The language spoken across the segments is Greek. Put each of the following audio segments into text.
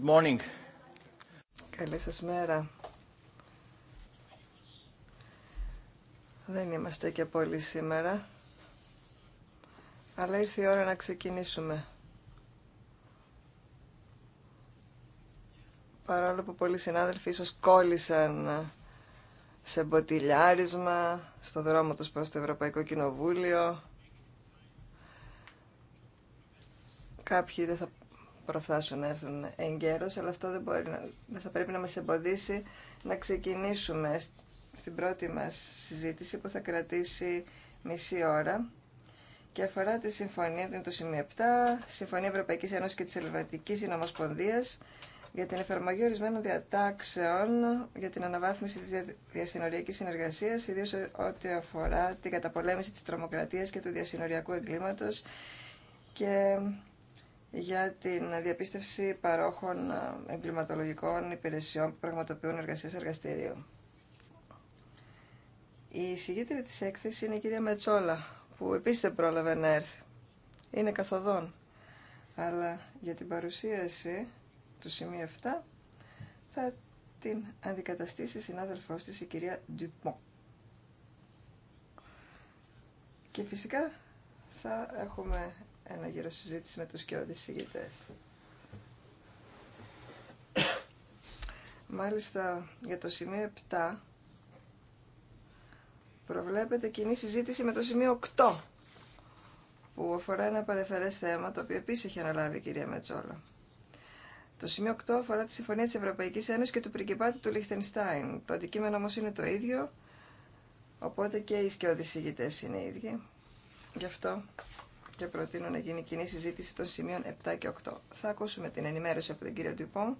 Good Καλή σας μέρα. Δεν είμαστε και πολύ σήμερα, αλλά ήρθε η ώρα να ξεκινήσουμε. Παρόλο που πολλοί συνάδελφοι ίσως κόλλησαν σε μποτιλιάρισμα, στο δρόμο τους προς το Ευρωπαϊκό Κοινοβούλιο. Κάποιοι δεν θα Προφθάσουν να έρθουν εγκαίρως, αλλά αυτό δεν, θα πρέπει να μας εμποδίσει να ξεκινήσουμε στην πρώτη μας συζήτηση που θα κρατήσει μισή ώρα και αφορά τη συμφωνία, του το σημείο 7, Συμφωνία Ευρωπαϊκής Ένωσης και της Ελβατικής Συνομοσπονδίας για την εφαρμογή ορισμένων διατάξεων για την αναβάθμιση της διασυνοριακής συνεργασίας, ιδίως ό,τι αφορά την καταπολέμηση της τρομοκρατίας και του διασυνοριακού εγκλήματος και για την διαπίστευση παρόχων ε, εγκληματολογικών υπηρεσιών που πραγματοποιούν εργασίες εργαστηρίου. Η συγκίτρια της έκθεση είναι η κυρία Μετσόλα, που επίσης δεν πρόλαβε να έρθει. Είναι καθοδόν. Αλλά για την παρουσίαση του σημείου 7 θα την αντικαταστήσει η συνάδελφός της η κυρία Dupont. Και φυσικά θα έχουμε ένα γύρο συζήτηση με τους κοιόδης συγγητές. Μάλιστα, για το σημείο 7 προβλέπεται κοινή συζήτηση με το σημείο 8 που αφορά ένα παρεφερές θέμα το οποίο επίσης έχει αναλάβει η κυρία Μετσόλα. Το σημείο 8 αφορά τη Συμφωνία της Ευρωπαϊκής Ένωσης και του Πριγκιπάτου του Λιχτενστάιν. Το αντικείμενο όμως είναι το ίδιο, οπότε και οι σκιώδεις είναι οι ίδιοι. Γι' αυτό και προτείνω να γίνει κοινή συζήτηση των σημείων 7 και 8. Θα ακούσουμε την ενημέρωση από τον κύριο Ντυπών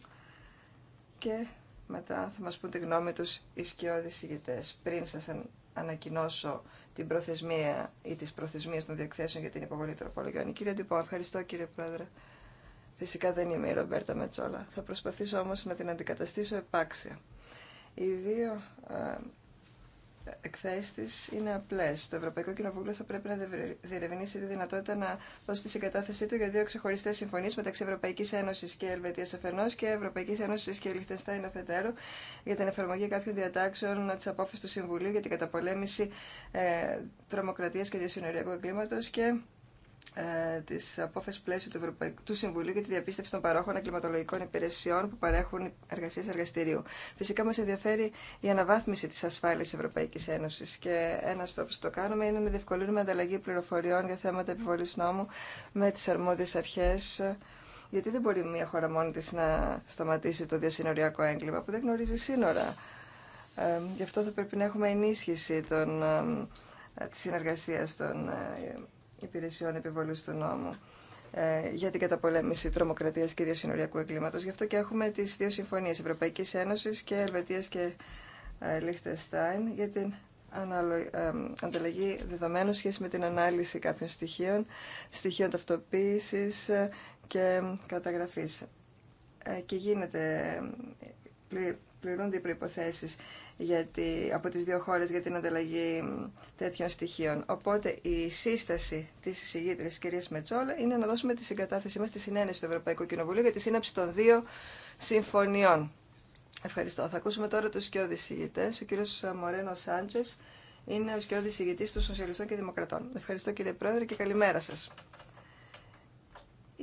και μετά θα μας πούν τη γνώμη τους οι σκιώδεις ηγητές. Πριν σας ανακοινώσω την προθεσμία ή τις προθεσμίες των διεκθέσεων για την υποβολή τροπολογιών. Κύριε Ντυπών, ευχαριστώ κύριε Πρόεδρε. Φυσικά δεν είμαι η Ρομπέρτα Μετσόλα. Θα προσπαθήσω όμως να την αντικαταστήσω επάξια. Οι δύο ε, εκθέσει τη είναι απλέ. Το Ευρωπαϊκό Κοινοβούλιο θα πρέπει να διερευνήσει τη δυνατότητα να δώσει τη συγκατάθεσή του για δύο ξεχωριστέ συμφωνίε μεταξύ Ευρωπαϊκή Ένωση και Ελβετία αφενό και Ευρωπαϊκή Ένωση και Λιχτενστάιν αφετέρου για την εφαρμογή κάποιων διατάξεων τη απόφαση του Συμβουλίου για την καταπολέμηση ε, τρομοκρατία και διασυνοριακού εγκλήματο και ε, τη απόφαση πλαίσιο του Ευρωπαϊκού Συμβουλίου για τη διαπίστευση των παρόχων εγκληματολογικών υπηρεσιών που παρέχουν εργασίε εργαστηρίου. Φυσικά μα ενδιαφέρει η αναβάθμιση τη ασφάλεια Ευρωπαϊκή Ένωση και ένα τρόπο που το κάνουμε είναι να διευκολύνουμε ανταλλαγή πληροφοριών για θέματα επιβολή νόμου με τι αρμόδιε αρχέ. Γιατί δεν μπορεί μια χώρα μόνη τη να σταματήσει το διασυνοριακό έγκλημα που δεν γνωρίζει σύνορα. Ε, γι' αυτό θα πρέπει να έχουμε ενίσχυση των, ε, της συνεργασίας των ε, υπηρεσιών επιβολή του νόμου ε, για την καταπολέμηση τρομοκρατία και διασυνοριακού εγκλήματο. Γι' αυτό και έχουμε τι δύο συμφωνίε Ευρωπαϊκή Ένωση και Ελβετία και ε, Στάιν για την ε, ανταλλαγή δεδομένων σχέση με την ανάλυση κάποιων στοιχείων, στοιχείων ταυτοποίηση και καταγραφή. Και γίνεται πληρούνται οι προποθέσει από τι δύο χώρε για την ανταλλαγή τέτοιων στοιχείων. Οπότε η σύσταση τη της τη κυρία Μετσόλα είναι να δώσουμε τη συγκατάθεσή μα στη συνένεση του Ευρωπαϊκού Κοινοβουλίου για τη σύναψη των δύο συμφωνιών. Ευχαριστώ. Θα ακούσουμε τώρα τους σκιώδη ηγητέ. Ο κύριο Μορένο Σάντζε είναι ο σκιώδη ηγητή των Σοσιαλιστών και Δημοκρατών. Ευχαριστώ κύριε Πρόεδρε και καλημέρα σα.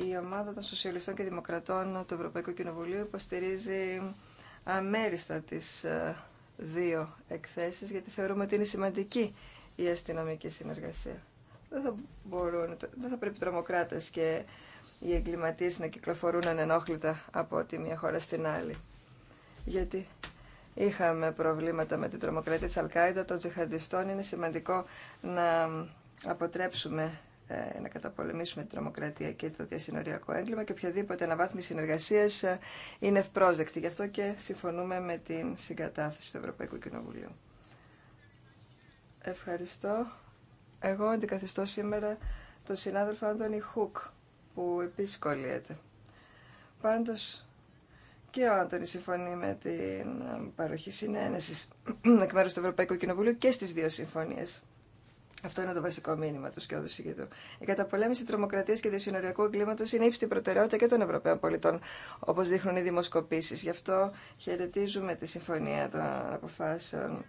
Η ομάδα των Σοσιαλιστών και Δημοκρατών του Ευρωπαϊκού Κοινοβουλίου υποστηρίζει αμέριστα τις ε, δύο εκθέσεις, γιατί θεωρούμε ότι είναι σημαντική η αστυνομική συνεργασία. Δεν θα, μπορούν, δεν θα πρέπει τρομοκράτες και οι εγκληματίες να κυκλοφορούν ανενόχλητα από τη μία χώρα στην άλλη. Γιατί είχαμε προβλήματα με την τρομοκρατία της Αλκάιδα, των τζιχαντιστών. Είναι σημαντικό να αποτρέψουμε ε, να καταπολεμήσουμε την τρομοκρατία και το διασυνοριακό έγκλημα και οποιαδήποτε αναβάθμιση συνεργασία ε, είναι ευπρόσδεκτη. Γι' αυτό και συμφωνούμε με την συγκατάθεση του Ευρωπαϊκού Κοινοβουλίου. Ευχαριστώ. Εγώ αντικαθιστώ σήμερα τον συνάδελφο Άντωνη Χουκ, που επισκολύεται. κολλιέται. Πάντως, και ο Άντωνη συμφωνεί με την παροχή συνένεση εκ μέρου του Ευρωπαϊκού Κοινοβουλίου και στι δύο συμφωνίε. Αυτό είναι το βασικό μήνυμα του Σκιώδου Σιγητού. Η καταπολέμηση τρομοκρατία και διασυνοριακού εγκλήματο είναι ύψιστη προτεραιότητα και των Ευρωπαίων πολιτών, όπω δείχνουν οι δημοσκοπήσει. Γι' αυτό χαιρετίζουμε τη συμφωνία των αποφάσεων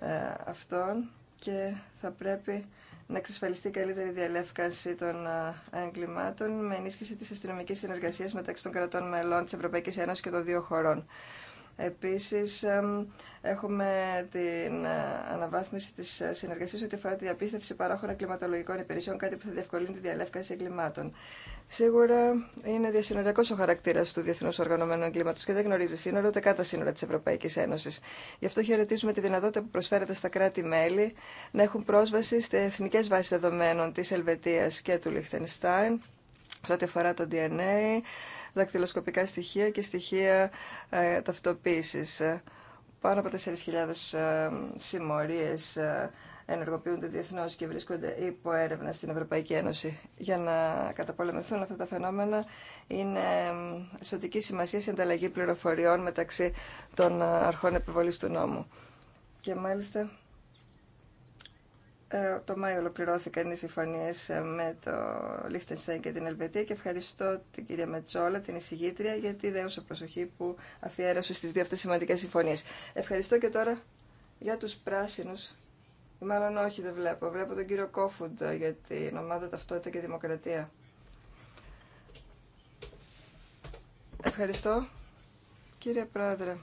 ε, αυτών και θα πρέπει να εξασφαλιστεί καλύτερη διαλεύκανση των ε, εγκλημάτων με ενίσχυση τη αστυνομική συνεργασία μεταξύ των κρατών μελών τη Ευρωπαϊκή Ένωση και των δύο χωρών. Επίσης, έχουμε την ε, αναβάθμιση της ε, συνεργασίας ό,τι αφορά τη διαπίστευση παράχωρων κλιματολογικών υπηρεσιών, κάτι που θα διευκολύνει τη διαλεύκαση εγκλημάτων. Σίγουρα είναι διασυνοριακό ο χαρακτήρα του Διεθνού Οργανωμένου Εγκλήματο και δεν γνωρίζει σύνορα ούτε κατά σύνορα τη Ευρωπαϊκή Ένωση. Γι' αυτό χαιρετίζουμε τη δυνατότητα που προσφέρεται στα κράτη-μέλη να έχουν πρόσβαση στι εθνικέ βάσει δεδομένων τη Ελβετία και του Λιχτενστάιν, σε ό,τι αφορά το DNA, δακτυλοσκοπικά στοιχεία και στοιχεία ε, ταυτοποίησης. Ε, πάνω από 4.000 ε, συμμορίες ε, ενεργοποιούνται διεθνώς και βρίσκονται υπό έρευνα στην Ευρωπαϊκή Ένωση. Για να καταπολεμηθούν αυτά τα φαινόμενα, είναι σωτική σημασία η ανταλλαγή πληροφοριών μεταξύ των αρχών επιβολής του νόμου. Και μάλιστα ε, το Μάιο ολοκληρώθηκαν οι συμφωνίε ε, με το Λίχτενστάιν και την Ελβετία και ευχαριστώ την κυρία Μετσόλα, την εισηγήτρια, για τη δέουσα προσοχή που αφιέρωσε στι δύο αυτέ σημαντικέ συμφωνίε. Ευχαριστώ και τώρα για του πράσινου. Μάλλον όχι, δεν βλέπω. Βλέπω τον κύριο Κόφουντ ε, για την ομάδα Ταυτότητα και Δημοκρατία. Ευχαριστώ, κύριε Πρόεδρε.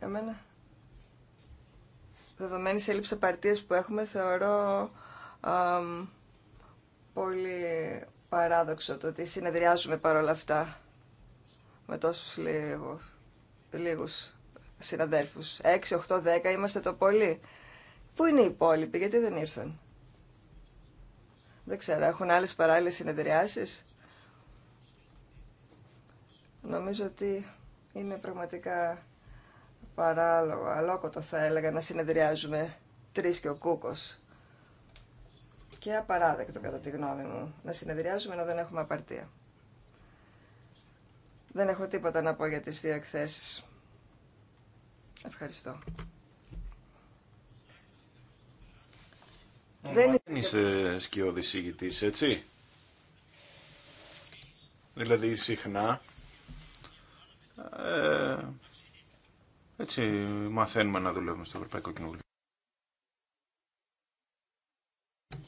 Εμένα δεδομένη σε έλλειψη απαρτίας που έχουμε, θεωρώ πολύ παράδοξο το ότι συνεδριάζουμε παρόλα αυτά με τόσους λίγους, λίγους συναδέλφους. 6, 8, 10 είμαστε το πολύ. Πού είναι οι υπόλοιποι, γιατί δεν ήρθαν. Δεν ξέρω, έχουν άλλες παράλληλες συνεδριάσεις. Νομίζω ότι είναι πραγματικά παράλογο, αλόκοτο θα έλεγα, να συνεδριάζουμε τρεις και ο κούκος. Και απαράδεκτο κατά τη γνώμη μου, να συνεδριάζουμε ενώ δεν έχουμε απαρτία. Δεν έχω τίποτα να πω για τις δύο εκθέσεις. Ευχαριστώ. Δεν είσαι σκιώδης ηγητής, έτσι. Δηλαδή συχνά ε, έτσι μαθαίνουμε να δουλεύουμε στο Ευρωπαϊκό Κοινοβούλιο.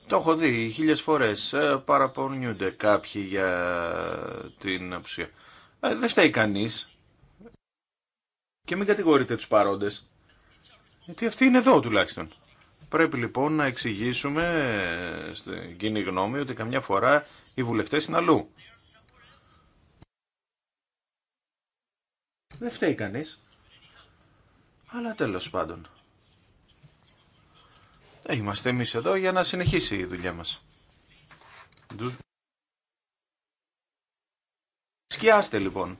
Το έχω δει χιλίε φορέ. Ε, παραπονιούνται κάποιοι για την απουσία. Ε, δεν φταίει κανεί. Και μην κατηγορείτε του παρόντε. Γιατί αυτοί είναι εδώ τουλάχιστον. Πρέπει λοιπόν να εξηγήσουμε ε, στην κοινή γνώμη ότι καμιά φορά οι βουλευτές είναι αλλού. Δεν φταίει κανείς. Αλλά τέλος πάντων. Ε, είμαστε εμείς εδώ για να συνεχίσει η δουλειά μας. Σκιάστε λοιπόν.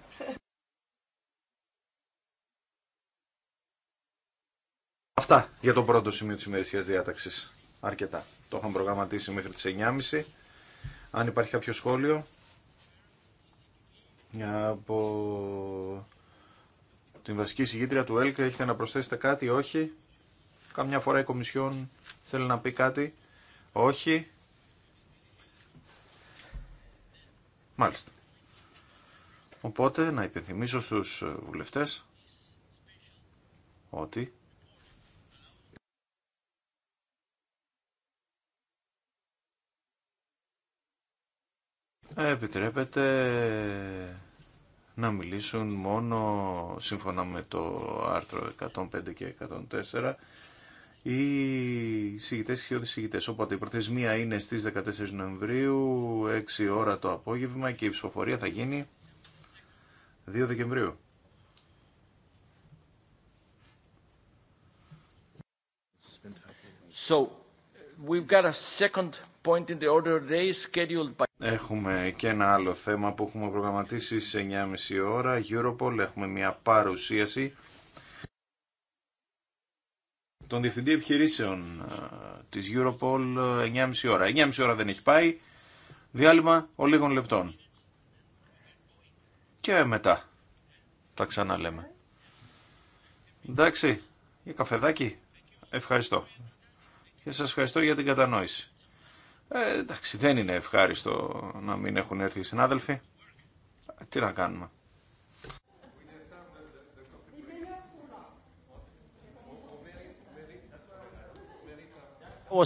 Αυτά για το πρώτο σημείο της ημερησίας διάταξης. Αρκετά. Το είχαμε προγραμματίσει μέχρι τις 9.30. Αν υπάρχει κάποιο σχόλιο από την βασική συγκίτρια του ΕΛΚ. Έχετε να προσθέσετε κάτι, όχι. Καμιά φορά η Κομισιόν θέλει να πει κάτι, όχι. Μάλιστα. Οπότε να υπενθυμίσω στους βουλευτές ότι επιτρέπεται να μιλήσουν μόνο σύμφωνα με το άρθρο 105 και 104 οι συγητές και οι συγητές. Οπότε η προθεσμία είναι στις 14 Νοεμβρίου, 6 ώρα το απόγευμα και η ψηφοφορία θα γίνει 2 Δεκεμβρίου. So, we've got a second Έχουμε και ένα άλλο θέμα που έχουμε προγραμματίσει σε 9.30 ώρα. Europol έχουμε μια παρουσίαση των Διευθυντή Επιχειρήσεων ε, της Europol 9.30 ε, ώρα. 9.30 ώρα δεν έχει πάει. Διάλειμμα ο λίγων λεπτών. Και μετά τα ξαναλέμε. Εντάξει, για καφεδάκι. Ευχαριστώ. Και σας ευχαριστώ για την κατανόηση. Ε, εντάξει, δεν είναι ευχάριστο να μην έχουν έρθει οι συνάδελφοι. Τι να κάνουμε. Ο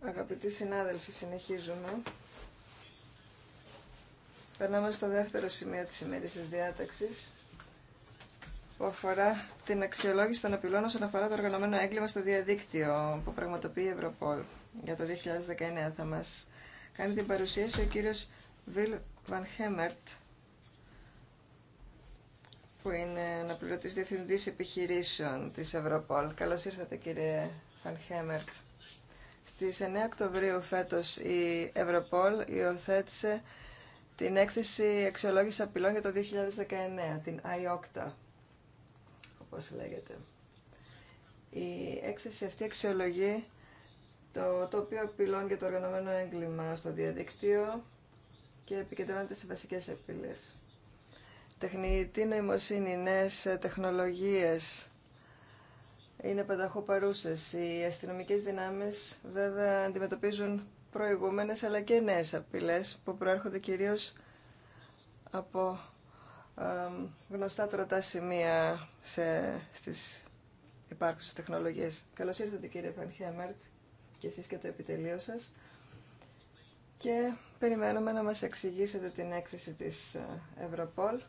Αγαπητοί συνάδελφοι, συνεχίζουμε. Περνάμε στο δεύτερο σημείο της της διάταξης που αφορά την αξιολόγηση των απειλών όσον αφορά το οργανωμένο έγκλημα στο διαδίκτυο που πραγματοποιεί η Ευρωπόλ για το 2019. Θα μας κάνει την παρουσίαση ο κύριος Βιλ Βαν Χέμερτ, που είναι αναπληρωτή διευθυντή επιχειρήσεων της Ευρωπόλ. Καλώ ήρθατε κύριε Φανχέμερτ. Στις 9 Οκτωβρίου φέτος η Ευρωπόλ υιοθέτησε την έκθεση αξιολόγηση απειλών για το 2019, την IOCTA, όπως λέγεται. Η έκθεση αυτή αξιολογεί το τοπίο απειλών για το οργανωμένο έγκλημα στο διαδίκτυο και επικεντρώνεται σε βασικές απειλές τεχνητή νοημοσύνη, νέες ε, τεχνολογίες είναι πανταχού παρούσες. Οι αστυνομικές δυνάμεις βέβαια αντιμετωπίζουν προηγούμενες αλλά και νέες απειλές που προέρχονται κυρίως από γνωστά τροτά σημεία σε, στις υπάρχουσες τεχνολογίες. Καλώς ήρθατε κύριε Φανχέμερτ και εσείς και το επιτελείο σας και περιμένουμε να μας εξηγήσετε την έκθεση της ε, Ευρωπόλ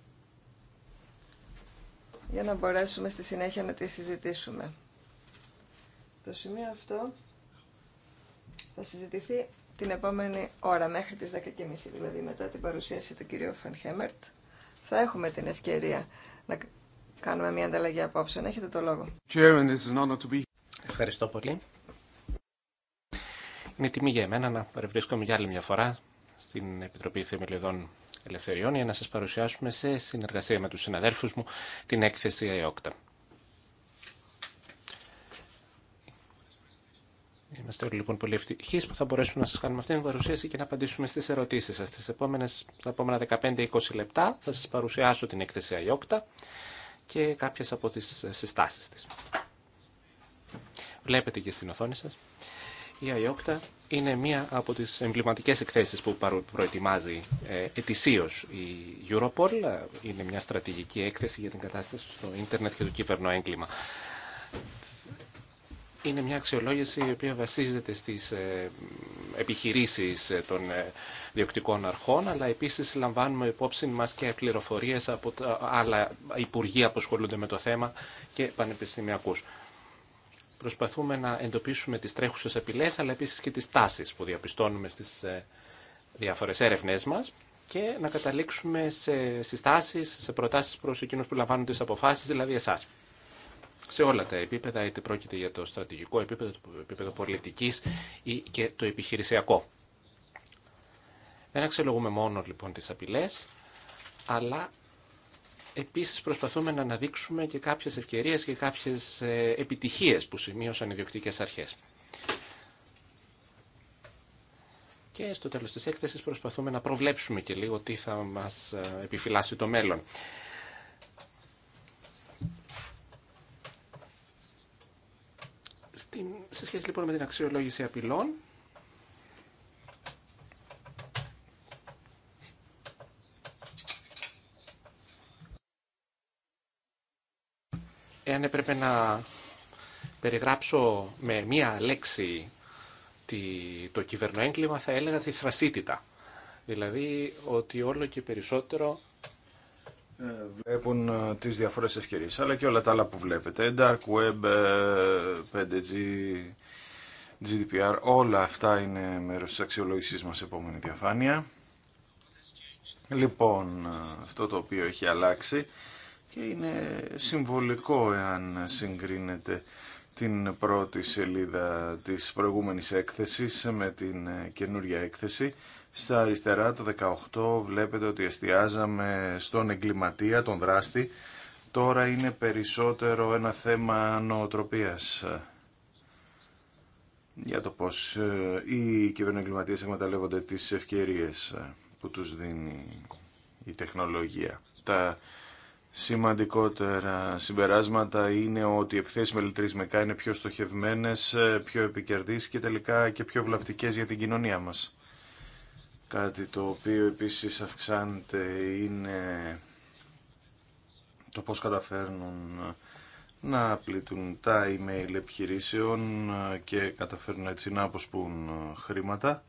για να μπορέσουμε στη συνέχεια να τη συζητήσουμε. Το σημείο αυτό θα συζητηθεί την επόμενη ώρα, μέχρι τις 10.30, δηλαδή μετά την παρουσίαση του κυρίου Φανχέμερτ. Θα έχουμε την ευκαιρία να κάνουμε μια ανταλλαγή απόψεων. Έχετε το λόγο. Ευχαριστώ πολύ. Είναι τιμή για εμένα να παρευρίσκομαι για άλλη μια φορά στην Επιτροπή Θεμελιωδών Ελευθεριών για να σας παρουσιάσουμε σε συνεργασία με τους συναδέλφους μου την έκθεση ΑΕΟΚΤΑ. Είμαστε όλοι λοιπόν πολύ ευτυχεί που θα μπορέσουμε να σα κάνουμε αυτή την παρουσίαση και να απαντήσουμε στι ερωτήσει σα. Τις επόμενες, επόμενα 15-20 λεπτά θα σα παρουσιάσω την έκθεση ΑΙΟΚΤΑ και κάποιε από τι συστάσει τη. Βλέπετε και στην οθόνη σας η ΑΕΟΚΤΑ είναι μία από τις εμβληματικές εκθέσεις που προετοιμάζει ε, ετησίως η Europol. Είναι μια στρατηγική έκθεση για την κατάσταση στο ίντερνετ και το κύβερνο έγκλημα. Είναι μια αξιολόγηση η οποία βασίζεται στις ε, επιχειρήσεις ε, των ε, διοκτικών αρχών, αλλά επίσης λαμβάνουμε υπόψη μας και πληροφορίες από τα άλλα υπουργεία που ασχολούνται με το θέμα και πανεπιστημιακούς. Προσπαθούμε να εντοπίσουμε τις τρέχουσες επιλές, αλλά επίσης και τις τάσεις που διαπιστώνουμε στις ε, διάφορες έρευνές μας και να καταλήξουμε σε συστάσεις, σε προτάσεις προς εκείνους που λαμβάνουν τις αποφάσεις, δηλαδή εσάς. Σε όλα τα επίπεδα, είτε πρόκειται για το στρατηγικό επίπεδο, το επίπεδο πολιτικής ή και το επιχειρησιακό. Δεν αξιολογούμε μόνο λοιπόν τις απειλές, αλλά Επίσης προσπαθούμε να αναδείξουμε και κάποιες ευκαιρίες και κάποιες ε, επιτυχίες που σημείωσαν οι διοκτικές αρχές. Και στο τέλος της έκθεσης προσπαθούμε να προβλέψουμε και λίγο τι θα μας ε, επιφυλάσσει το μέλλον. σε σχέση λοιπόν με την αξιολόγηση απειλών, εάν έπρεπε να περιγράψω με μία λέξη το κυβερνοέγκλημα θα έλεγα τη θρασίτητα. Δηλαδή ότι όλο και περισσότερο ε, βλέπουν ε, τις διαφορές ευκαιρίες, αλλά και όλα τα άλλα που βλέπετε. Dark Web, 5G, ε, GDPR, όλα αυτά είναι μέρος της αξιολόγησής μας επόμενη διαφάνεια. Λοιπόν, αυτό το οποίο έχει αλλάξει και είναι συμβολικό εάν συγκρίνεται την πρώτη σελίδα της προηγούμενης έκθεσης με την καινούρια έκθεση. Στα αριστερά το 18 βλέπετε ότι εστιάζαμε στον εγκληματία, τον δράστη. Τώρα είναι περισσότερο ένα θέμα νοοτροπίας για το πώς ε, οι κυβερνοεγκληματίες εκμεταλλεύονται τις ευκαιρίες που τους δίνει η τεχνολογία. Τα σημαντικότερα συμπεράσματα είναι ότι οι επιθέσει με μεκά είναι πιο στοχευμένες, πιο επικερδεί και τελικά και πιο βλαπτικές για την κοινωνία μας. Κάτι το οποίο επίσης αυξάνεται είναι το πώ καταφέρνουν να πλήττουν τα email επιχειρήσεων και καταφέρνουν έτσι να αποσπούν χρήματα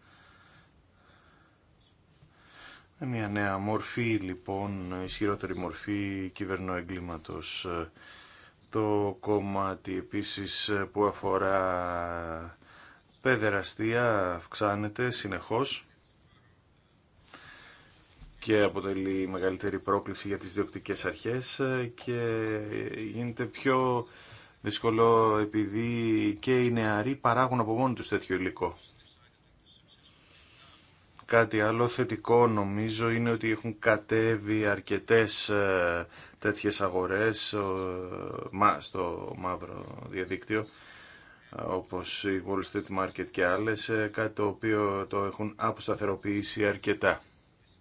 μια νέα μορφή λοιπόν, ισχυρότερη μορφή κυβερνοεγκλήματος. Το κομμάτι επίσης που αφορά παιδεραστία αυξάνεται συνεχώς και αποτελεί μεγαλύτερη πρόκληση για τις διοκτικές αρχές και γίνεται πιο δύσκολο επειδή και οι νεαροί παράγουν από μόνοι τους τέτοιο υλικό. Κάτι άλλο θετικό νομίζω είναι ότι έχουν κατέβει αρκετές ε, τέτοιες αγορές ε, στο μαύρο διαδίκτυο όπως η Wall Street Market και άλλες, ε, κάτι το οποίο το έχουν αποσταθεροποιήσει αρκετά.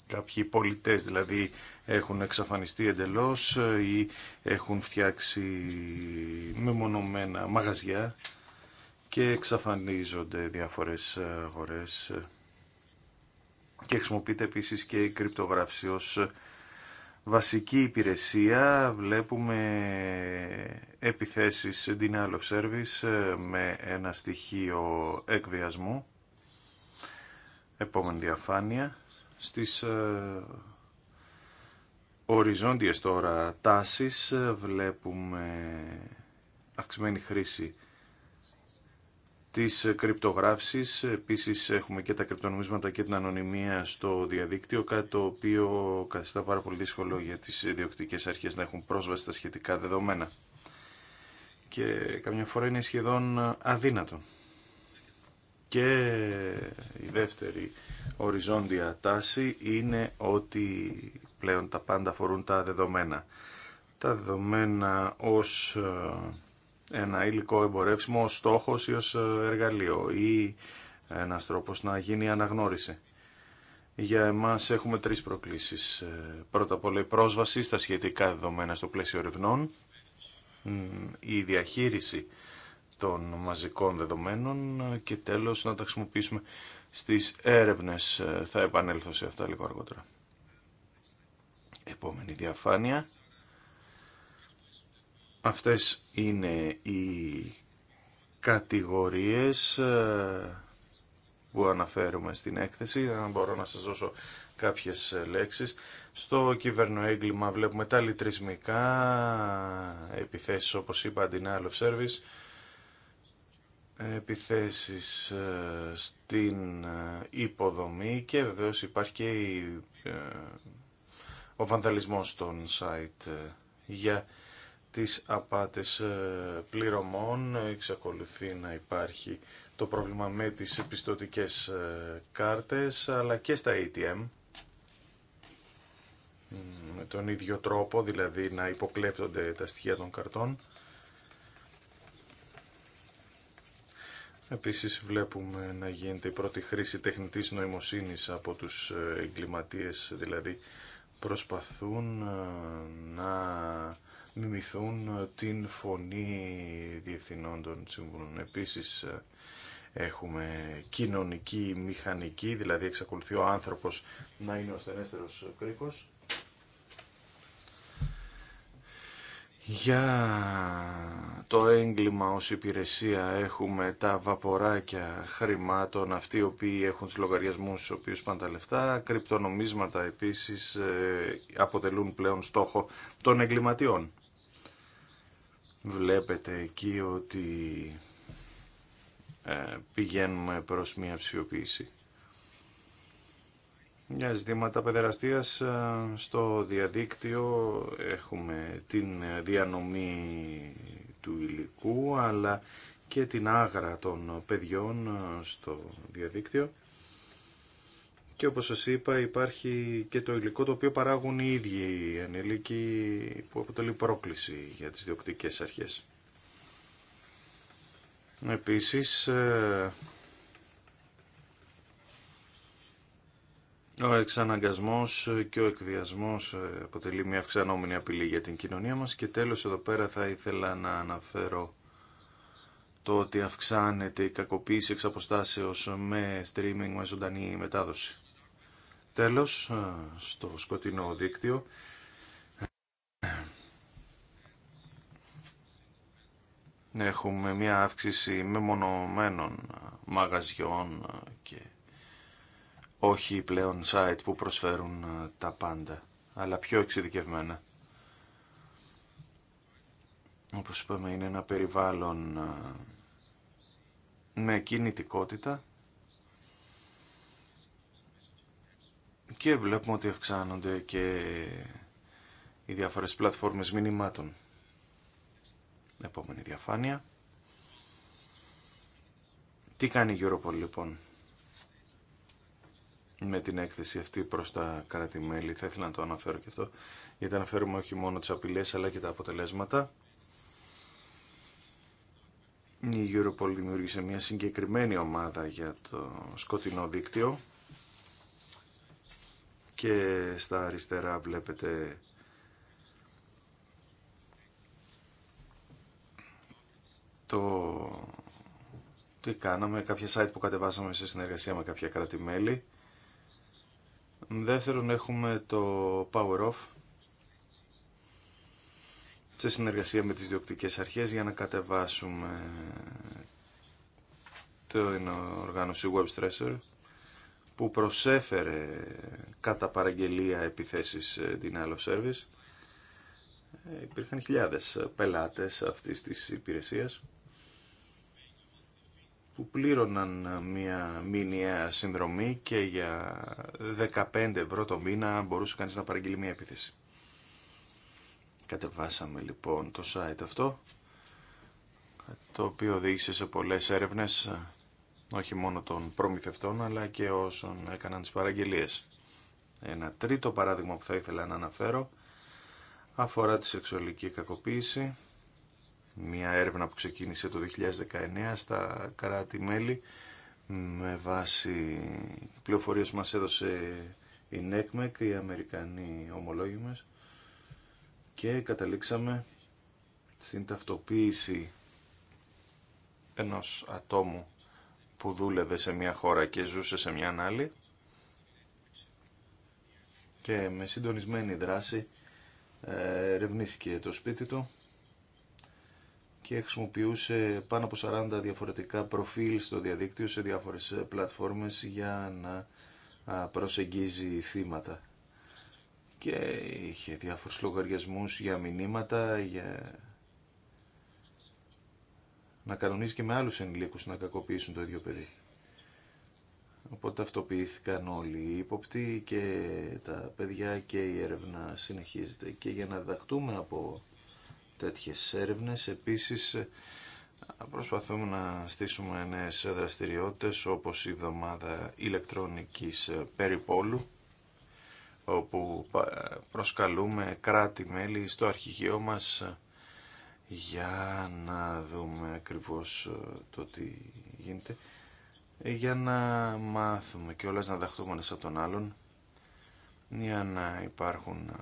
Κάποιοι πολιτές δηλαδή έχουν εξαφανιστεί εντελώς ή έχουν φτιάξει μεμονωμένα μαγαζιά και εξαφανίζονται διάφορες αγορές και χρησιμοποιείται επίσης και η κρυπτογράφηση ως βασική υπηρεσία. Βλέπουμε επιθέσεις denial of service ε, με ένα στοιχείο εκβιασμού. Επόμενη διαφάνεια. Στις ε, οριζόντιες τώρα τάσεις ε, βλέπουμε αυξημένη χρήση της κρυπτογράφησης. Επίσης έχουμε και τα κρυπτονομίσματα και την ανωνυμία στο διαδίκτυο, κάτι το οποίο καθιστά πάρα πολύ δύσκολο για τις ιδιοκτικές αρχές να έχουν πρόσβαση στα σχετικά δεδομένα. Και καμιά φορά είναι σχεδόν αδύνατο. Και η δεύτερη οριζόντια τάση είναι ότι πλέον τα πάντα αφορούν τα δεδομένα. Τα δεδομένα ως ε, ένα υλικό εμπορεύσιμο ως στόχος ή ως ε, εργαλείο ή ένας τρόπος να γίνει αναγνώριση. Για εμάς έχουμε τρεις προκλήσεις. Ε, πρώτα απ' όλα η πρόσβαση στα σχετικά δεδομένα στο πλαίσιο ερευνών, η διαχείριση των μαζικών δεδομένων και τέλος να τα χρησιμοποιήσουμε στις έρευνες. Ε, θα επανέλθω σε αυτά λίγο αργότερα. Επόμενη διαφάνεια. Αυτές είναι οι κατηγορίες ε, που αναφέρουμε στην έκθεση. Αν μπορώ να σας δώσω κάποιες λέξεις. Στο κυβερνοέγκλημα βλέπουμε τα λιτρισμικά, επιθέσεις όπως είπα, την άλλο service, επιθέσεις ε, στην ε, υποδομή και βεβαίως υπάρχει και ο βανδαλισμός των site για τις απάτες ε, πληρωμών. Εξακολουθεί να υπάρχει το πρόβλημα με τις πιστοτικές ε, κάρτες, αλλά και στα ATM. Με τον ίδιο τρόπο, δηλαδή να υποκλέπτονται τα στοιχεία των καρτών. Επίσης βλέπουμε να γίνεται η πρώτη χρήση τεχνητής νοημοσύνης από τους ε, εγκληματίες, δηλαδή προσπαθούν να μιμηθούν ε, την φωνή διευθυνών των συμβουλών. Επίσης ε, έχουμε κοινωνική, μηχανική, δηλαδή εξακολουθεί ο άνθρωπος να είναι ο ασθενέστερος κρίκος. Για το έγκλημα ως υπηρεσία έχουμε τα βαποράκια χρημάτων, αυτοί οι οποίοι έχουν τους λογαριασμούς στους οποίους πάνε τα λεφτά, κρυπτονομίσματα επίσης ε, αποτελούν πλέον στόχο των εγκληματιών. Βλέπετε εκεί ότι ε, πηγαίνουμε προς μια ψηφιοποίηση. Για ζητήματα παιδεραστίας ε, στο διαδίκτυο έχουμε την διανομή του υλικού αλλά και την άγρα των παιδιών ε, στο διαδίκτυο και όπως σας είπα υπάρχει και το υλικό το οποίο παράγουν οι ίδιοι οι ανηλίκοι που αποτελεί πρόκληση για τις διοκτικές αρχές. Επίσης, ε, ο εξαναγκασμός και ο εκβιασμός ε, αποτελεί μια αυξανόμενη απειλή για την κοινωνία μας και τέλος εδώ πέρα θα ήθελα να αναφέρω το ότι αυξάνεται η κακοποίηση εξ με streaming, με ζωντανή μετάδοση. Τέλος, στο σκοτεινό δίκτυο, έχουμε μια αύξηση μεμονωμένων μαγαζιών και όχι πλέον site που προσφέρουν τα πάντα, αλλά πιο εξειδικευμένα. Όπως είπαμε, είναι ένα περιβάλλον με κινητικότητα Και βλέπουμε ότι αυξάνονται και οι διάφορες πλατφόρμες μηνυμάτων. Επόμενη διαφάνεια. Τι κάνει η Europol λοιπόν με την έκθεση αυτή προς τα κράτη-μέλη. Θα ήθελα να το αναφέρω και αυτό, γιατί αναφέρουμε όχι μόνο τις απειλές αλλά και τα αποτελέσματα. Η Europol δημιούργησε μια συγκεκριμένη ομάδα για το σκοτεινό δίκτυο και στα αριστερά βλέπετε το τι κάναμε, κάποια site που κατεβάσαμε σε συνεργασία με κάποια κράτη-μέλη. Δεύτερον έχουμε το Power Off σε συνεργασία με τις διοκτικές αρχές για να κατεβάσουμε το οργάνωση Web Stressor που προσέφερε κατά παραγγελία επιθέσεις ε, την άλλο Service. Ε, υπήρχαν χιλιάδες πελάτες αυτής της υπηρεσίας που πλήρωναν ε, μία μήνυα συνδρομή και για 15 ευρώ το μήνα μπορούσε κανείς να παραγγείλει μία επίθεση. Κατεβάσαμε λοιπόν το site αυτό, το οποίο οδήγησε σε πολλές έρευνες όχι μόνο των προμηθευτών αλλά και όσων έκαναν τις παραγγελίες. Ένα τρίτο παράδειγμα που θα ήθελα να αναφέρω αφορά τη σεξουαλική κακοποίηση. Μια έρευνα που ξεκίνησε το 2019 στα κράτη-μέλη με βάση πληροφορίες μας έδωσε η και οι Αμερικανοί ομολόγοι μας και καταλήξαμε στην ταυτοποίηση ενός ατόμου που δούλευε σε μια χώρα και ζούσε σε μια άλλη και με συντονισμένη δράση ε, ερευνήθηκε το σπίτι του και χρησιμοποιούσε πάνω από 40 διαφορετικά προφίλ στο διαδίκτυο σε διάφορες πλατφόρμες για να προσεγγίζει θύματα και είχε διάφορους λογαριασμούς για μηνύματα, για να κανονίζει και με άλλους ενηλίκους να κακοποιήσουν το ίδιο παιδί. Οπότε αυτοποιήθηκαν όλοι οι ύποπτοι και τα παιδιά και η έρευνα συνεχίζεται. Και για να διδαχτούμε από τέτοιες έρευνες επίσης προσπαθούμε να στήσουμε νέες δραστηριότητες όπως η εβδομάδα ηλεκτρονικής περιπόλου όπου προσκαλούμε κράτη-μέλη στο αρχηγείο μας για να δούμε ακριβώς ε, το τι γίνεται ε, για να μάθουμε και όλες να δαχτούμε ένας από τον άλλον για να υπάρχουν ε,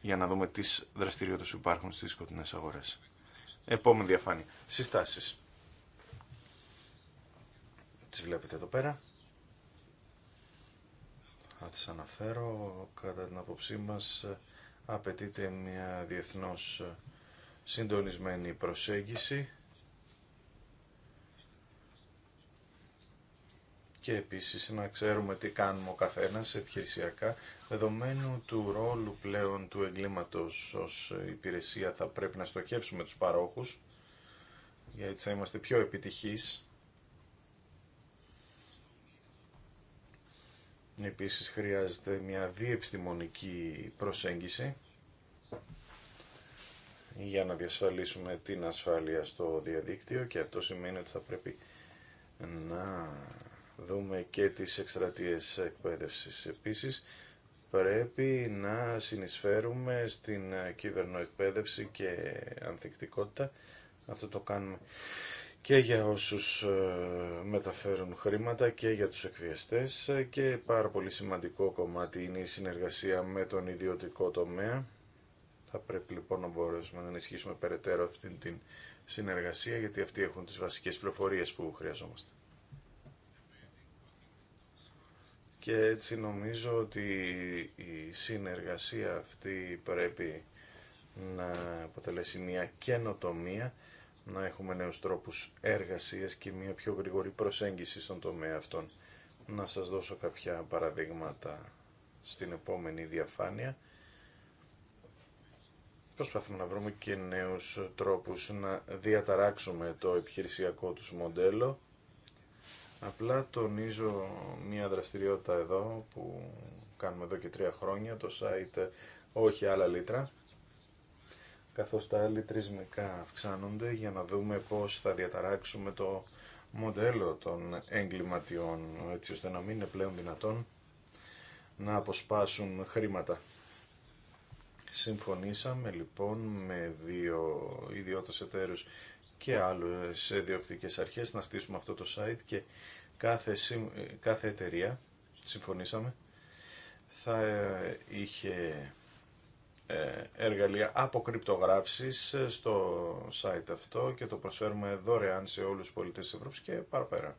για να δούμε τις δραστηριότητες που υπάρχουν στις σκοτεινές αγορές. Επόμενη διαφάνεια. Συστάσεις. Τις βλέπετε εδώ πέρα. Θα τις αναφέρω. Κατά την απόψή μας απαιτείται μια διεθνός συντονισμένη προσέγγιση και επίσης να ξέρουμε τι κάνουμε ο καθένας επιχειρησιακά, δεδομένου του ρόλου πλέον του εγκλήματος ως υπηρεσία θα πρέπει να στοχεύσουμε τους παρόχους, γιατί θα είμαστε πιο επιτυχείς. Επίσης χρειάζεται μια διεπιστημονική προσέγγιση για να διασφαλίσουμε την ασφάλεια στο διαδίκτυο και αυτό σημαίνει ότι θα πρέπει να δούμε και τις εκστρατείες εκπαίδευσης. Επίσης, πρέπει να συνεισφέρουμε στην κυβερνοεκπαίδευση και ανθεκτικότητα. Αυτό το κάνουμε και για όσους ε, μεταφέρουν χρήματα και για τους εκβιαστές και πάρα πολύ σημαντικό κομμάτι είναι η συνεργασία με τον ιδιωτικό τομέα θα πρέπει λοιπόν να μπορέσουμε να ενισχύσουμε περαιτέρω αυτήν την συνεργασία, γιατί αυτοί έχουν τις βασικές πληροφορίες που χρειαζόμαστε. Και έτσι νομίζω ότι η συνεργασία αυτή πρέπει να αποτελέσει μια καινοτομία, να έχουμε νέους τρόπους εργασίας και μια πιο γρήγορη προσέγγιση στον τομέα αυτών. Να σας δώσω κάποια παραδείγματα στην επόμενη διαφάνεια προσπαθούμε να βρούμε και νέους τρόπους να διαταράξουμε το επιχειρησιακό τους μοντέλο. Απλά τονίζω μία δραστηριότητα εδώ που κάνουμε εδώ και τρία χρόνια, το site όχι άλλα λίτρα, καθώς τα άλλη τρισμικά αυξάνονται για να δούμε πώς θα διαταράξουμε το μοντέλο των εγκληματιών, έτσι ώστε να μην είναι πλέον δυνατόν να αποσπάσουν χρήματα. Συμφωνήσαμε λοιπόν με δύο ιδιώτες εταίρους και άλλες διοκτικές αρχές να στήσουμε αυτό το site και κάθε, εταιρεία, συμφωνήσαμε, θα ε, είχε ε, εργαλεία αποκρυπτογράφησης ε, στο site αυτό και το προσφέρουμε δωρεάν σε όλους τους πολίτες της Ευρώπης και παραπέρα.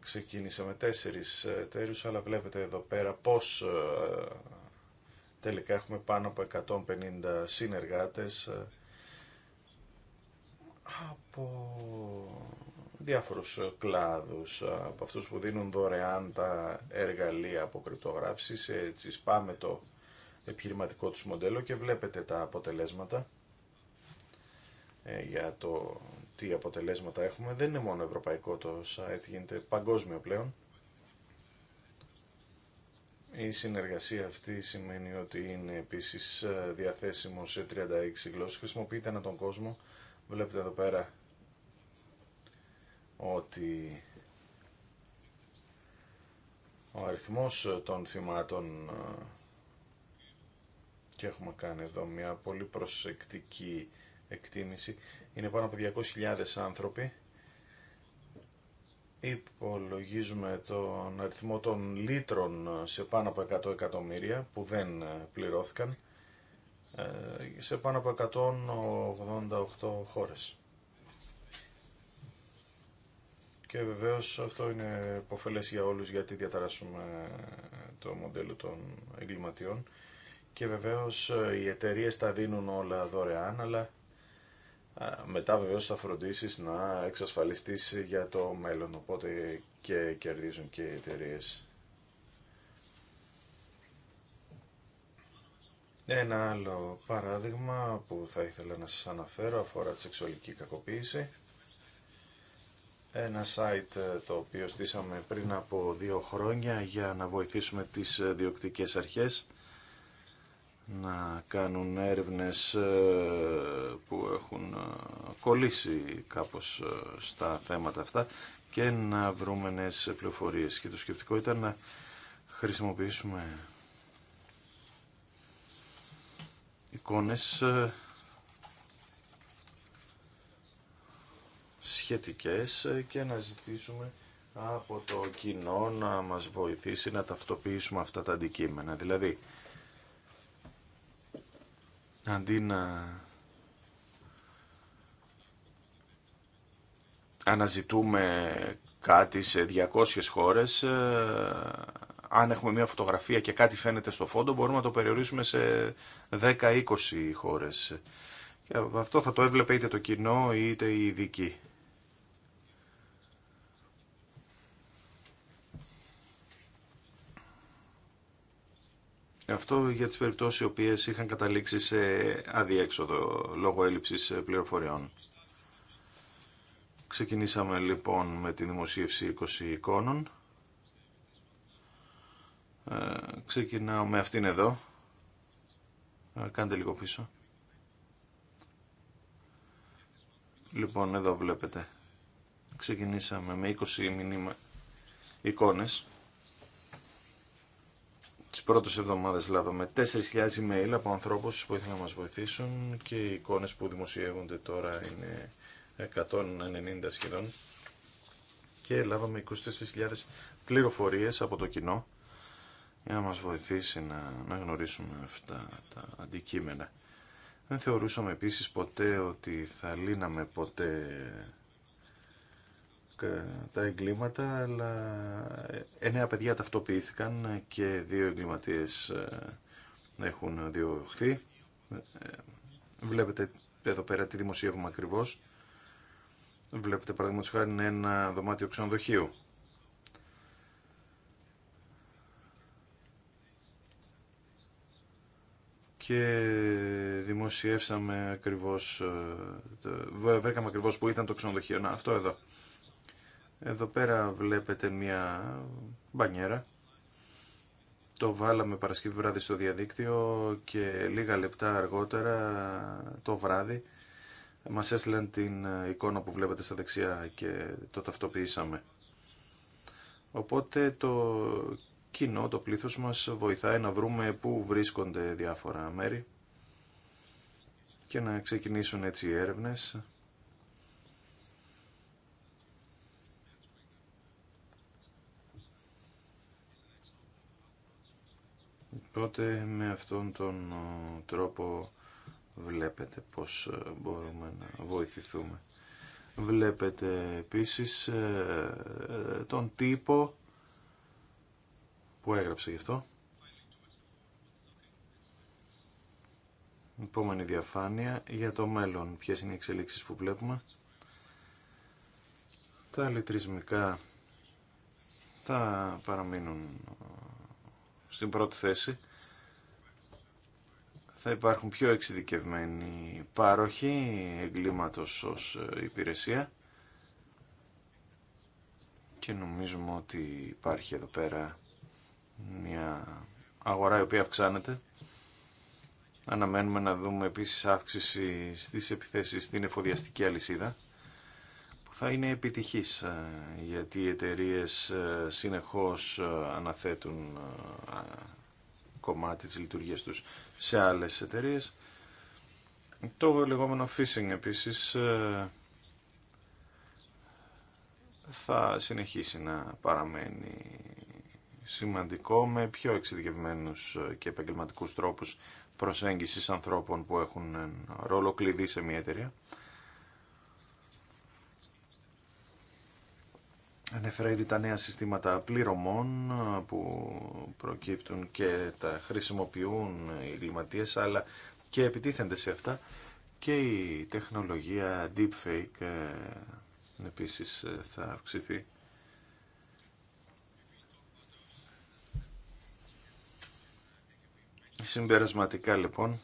Ξεκίνησα με τέσσερις εταίρους, αλλά βλέπετε εδώ πέρα πώς Τελικά έχουμε πάνω από 150 συνεργάτες ε, από διάφορους ε, κλάδους, ε, από αυτούς που δίνουν δωρεάν τα εργαλεία από κρυπτογράψεις, έτσι σπάμε το επιχειρηματικό τους μοντέλο και βλέπετε τα αποτελέσματα για το τι αποτελέσματα έχουμε. Δεν είναι μόνο ευρωπαϊκό το site, γίνεται παγκόσμιο πλέον. Η συνεργασία αυτή σημαίνει ότι είναι επίσης ε, διαθέσιμο σε 36 γλώσσες. Χρησιμοποιείται ανά τον κόσμο. Βλέπετε εδώ πέρα ότι ο αριθμός των θυμάτων ε, και έχουμε κάνει εδώ μια πολύ προσεκτική εκτίμηση είναι πάνω από 200.000 άνθρωποι υπολογίζουμε τον αριθμό των λίτρων σε πάνω από 100 εκατομμύρια που δεν ε, πληρώθηκαν ε, σε πάνω από 188 χώρες. Και βεβαίως αυτό είναι υποφελές για όλους γιατί διαταράσσουμε ε, το μοντέλο των εγκληματιών και βεβαίως οι εταιρείε τα δίνουν όλα δωρεάν αλλά μετά βεβαίω θα φροντίσει να εξασφαλιστείς για το μέλλον, οπότε και κερδίζουν και οι εταιρείε. Ένα άλλο παράδειγμα που θα ήθελα να σας αναφέρω αφορά τη σεξουαλική κακοποίηση. Ένα site ε, το οποίο στήσαμε πριν από δύο χρόνια για να βοηθήσουμε τις ε, διοκτικές αρχές να κάνουν έρευνες ε, που έχουν ε, κολλήσει κάπως ε, στα θέματα αυτά και να βρούμε νέες πληροφορίες. Και το σκεπτικό ήταν να χρησιμοποιήσουμε εικόνες σχετικές και να ζητήσουμε από το κοινό να μας βοηθήσει να ταυτοποιήσουμε αυτά τα αντικείμενα. Δηλαδή, αντί να αναζητούμε κάτι σε 200 χώρες, ε, αν έχουμε μια φωτογραφία και κάτι φαίνεται στο φόντο, μπορούμε να το περιορίσουμε σε 10-20 χώρες. Και αυτό θα το έβλεπε είτε το κοινό είτε η ειδική. Αυτό για τις περιπτώσεις οι οποίες είχαν καταλήξει σε αδιέξοδο λόγω έλλειψης πληροφοριών. Ξεκινήσαμε λοιπόν με τη δημοσίευση 20 εικόνων. Ε, ξεκινάω με αυτήν εδώ. Ε, κάντε λίγο πίσω. Λοιπόν, εδώ βλέπετε. Ξεκινήσαμε με 20 μηνύμα εικόνες τις πρώτες εβδομάδες λάβαμε 4.000 email από ανθρώπους που ήθελαν να μας βοηθήσουν και οι εικόνες που δημοσιεύονται τώρα είναι 190 σχεδόν και λάβαμε 24.000 πληροφορίες από το κοινό για να μας βοηθήσει να, να γνωρίσουμε αυτά τα αντικείμενα. Δεν θεωρούσαμε επίσης ποτέ ότι θα λύναμε ποτέ ε, τα εγκλήματα, αλλά ε, εννέα παιδιά ταυτοποιήθηκαν και δύο εγκληματίες ε, έχουν διωχθεί. Βλέπετε εδώ πέρα τι δημοσιεύουμε ακριβώ. Βλέπετε παραδείγματος χάρη ένα δωμάτιο ξενοδοχείου. και δημοσιεύσαμε ακριβώς, βρήκαμε ακριβώς που ήταν το ξενοδοχείο. Να, αυτό εδώ. Εδώ πέρα βλέπετε μια μπανιέρα. Το βάλαμε Παρασκευή βράδυ στο διαδίκτυο και λίγα λεπτά αργότερα το βράδυ μας έστειλαν την εικόνα που βλέπετε στα δεξιά και το ταυτοποιήσαμε. Οπότε το κοινό, το πλήθος μας βοηθάει να βρούμε πού βρίσκονται διάφορα μέρη και να ξεκινήσουν έτσι οι έρευνες Τότε με αυτόν τον τρόπο βλέπετε πώς ε, μπορούμε να βοηθηθούμε. Βλέπετε επίσης ε, ε, τον τύπο που έγραψε γι' αυτό. Επόμενη διαφάνεια για το μέλλον. Ποιες είναι οι εξελίξεις που βλέπουμε. Τα λιτρισμικά θα παραμείνουν στην πρώτη θέση. Θα υπάρχουν πιο εξειδικευμένοι πάροχοι εγκλήματος ως ε, υπηρεσία και νομίζουμε ότι υπάρχει εδώ πέρα μια αγορά η οποία αυξάνεται. Αναμένουμε να δούμε επίσης αύξηση στις επιθέσεις στην εφοδιαστική αλυσίδα θα είναι επιτυχής ε, γιατί οι εταιρείε ε, συνεχώς ε, αναθέτουν κομμάτι της λειτουργίας τους σε άλλες εταιρείε. Το λεγόμενο phishing επίσης θα συνεχίσει να παραμένει σημαντικό με πιο εξειδικευμένους και επαγγελματικούς τρόπους προσέγγισης ανθρώπων που έχουν ρόλο κλειδί σε μια εταιρεία. Ανέφερα ήδη τα νέα συστήματα πληρωμών που προκύπτουν και τα χρησιμοποιούν οι εγκληματίες αλλά και επιτίθενται σε αυτά και η τεχνολογία deepfake ε, επίσης ε, θα αυξηθεί. Συμπερασματικά λοιπόν,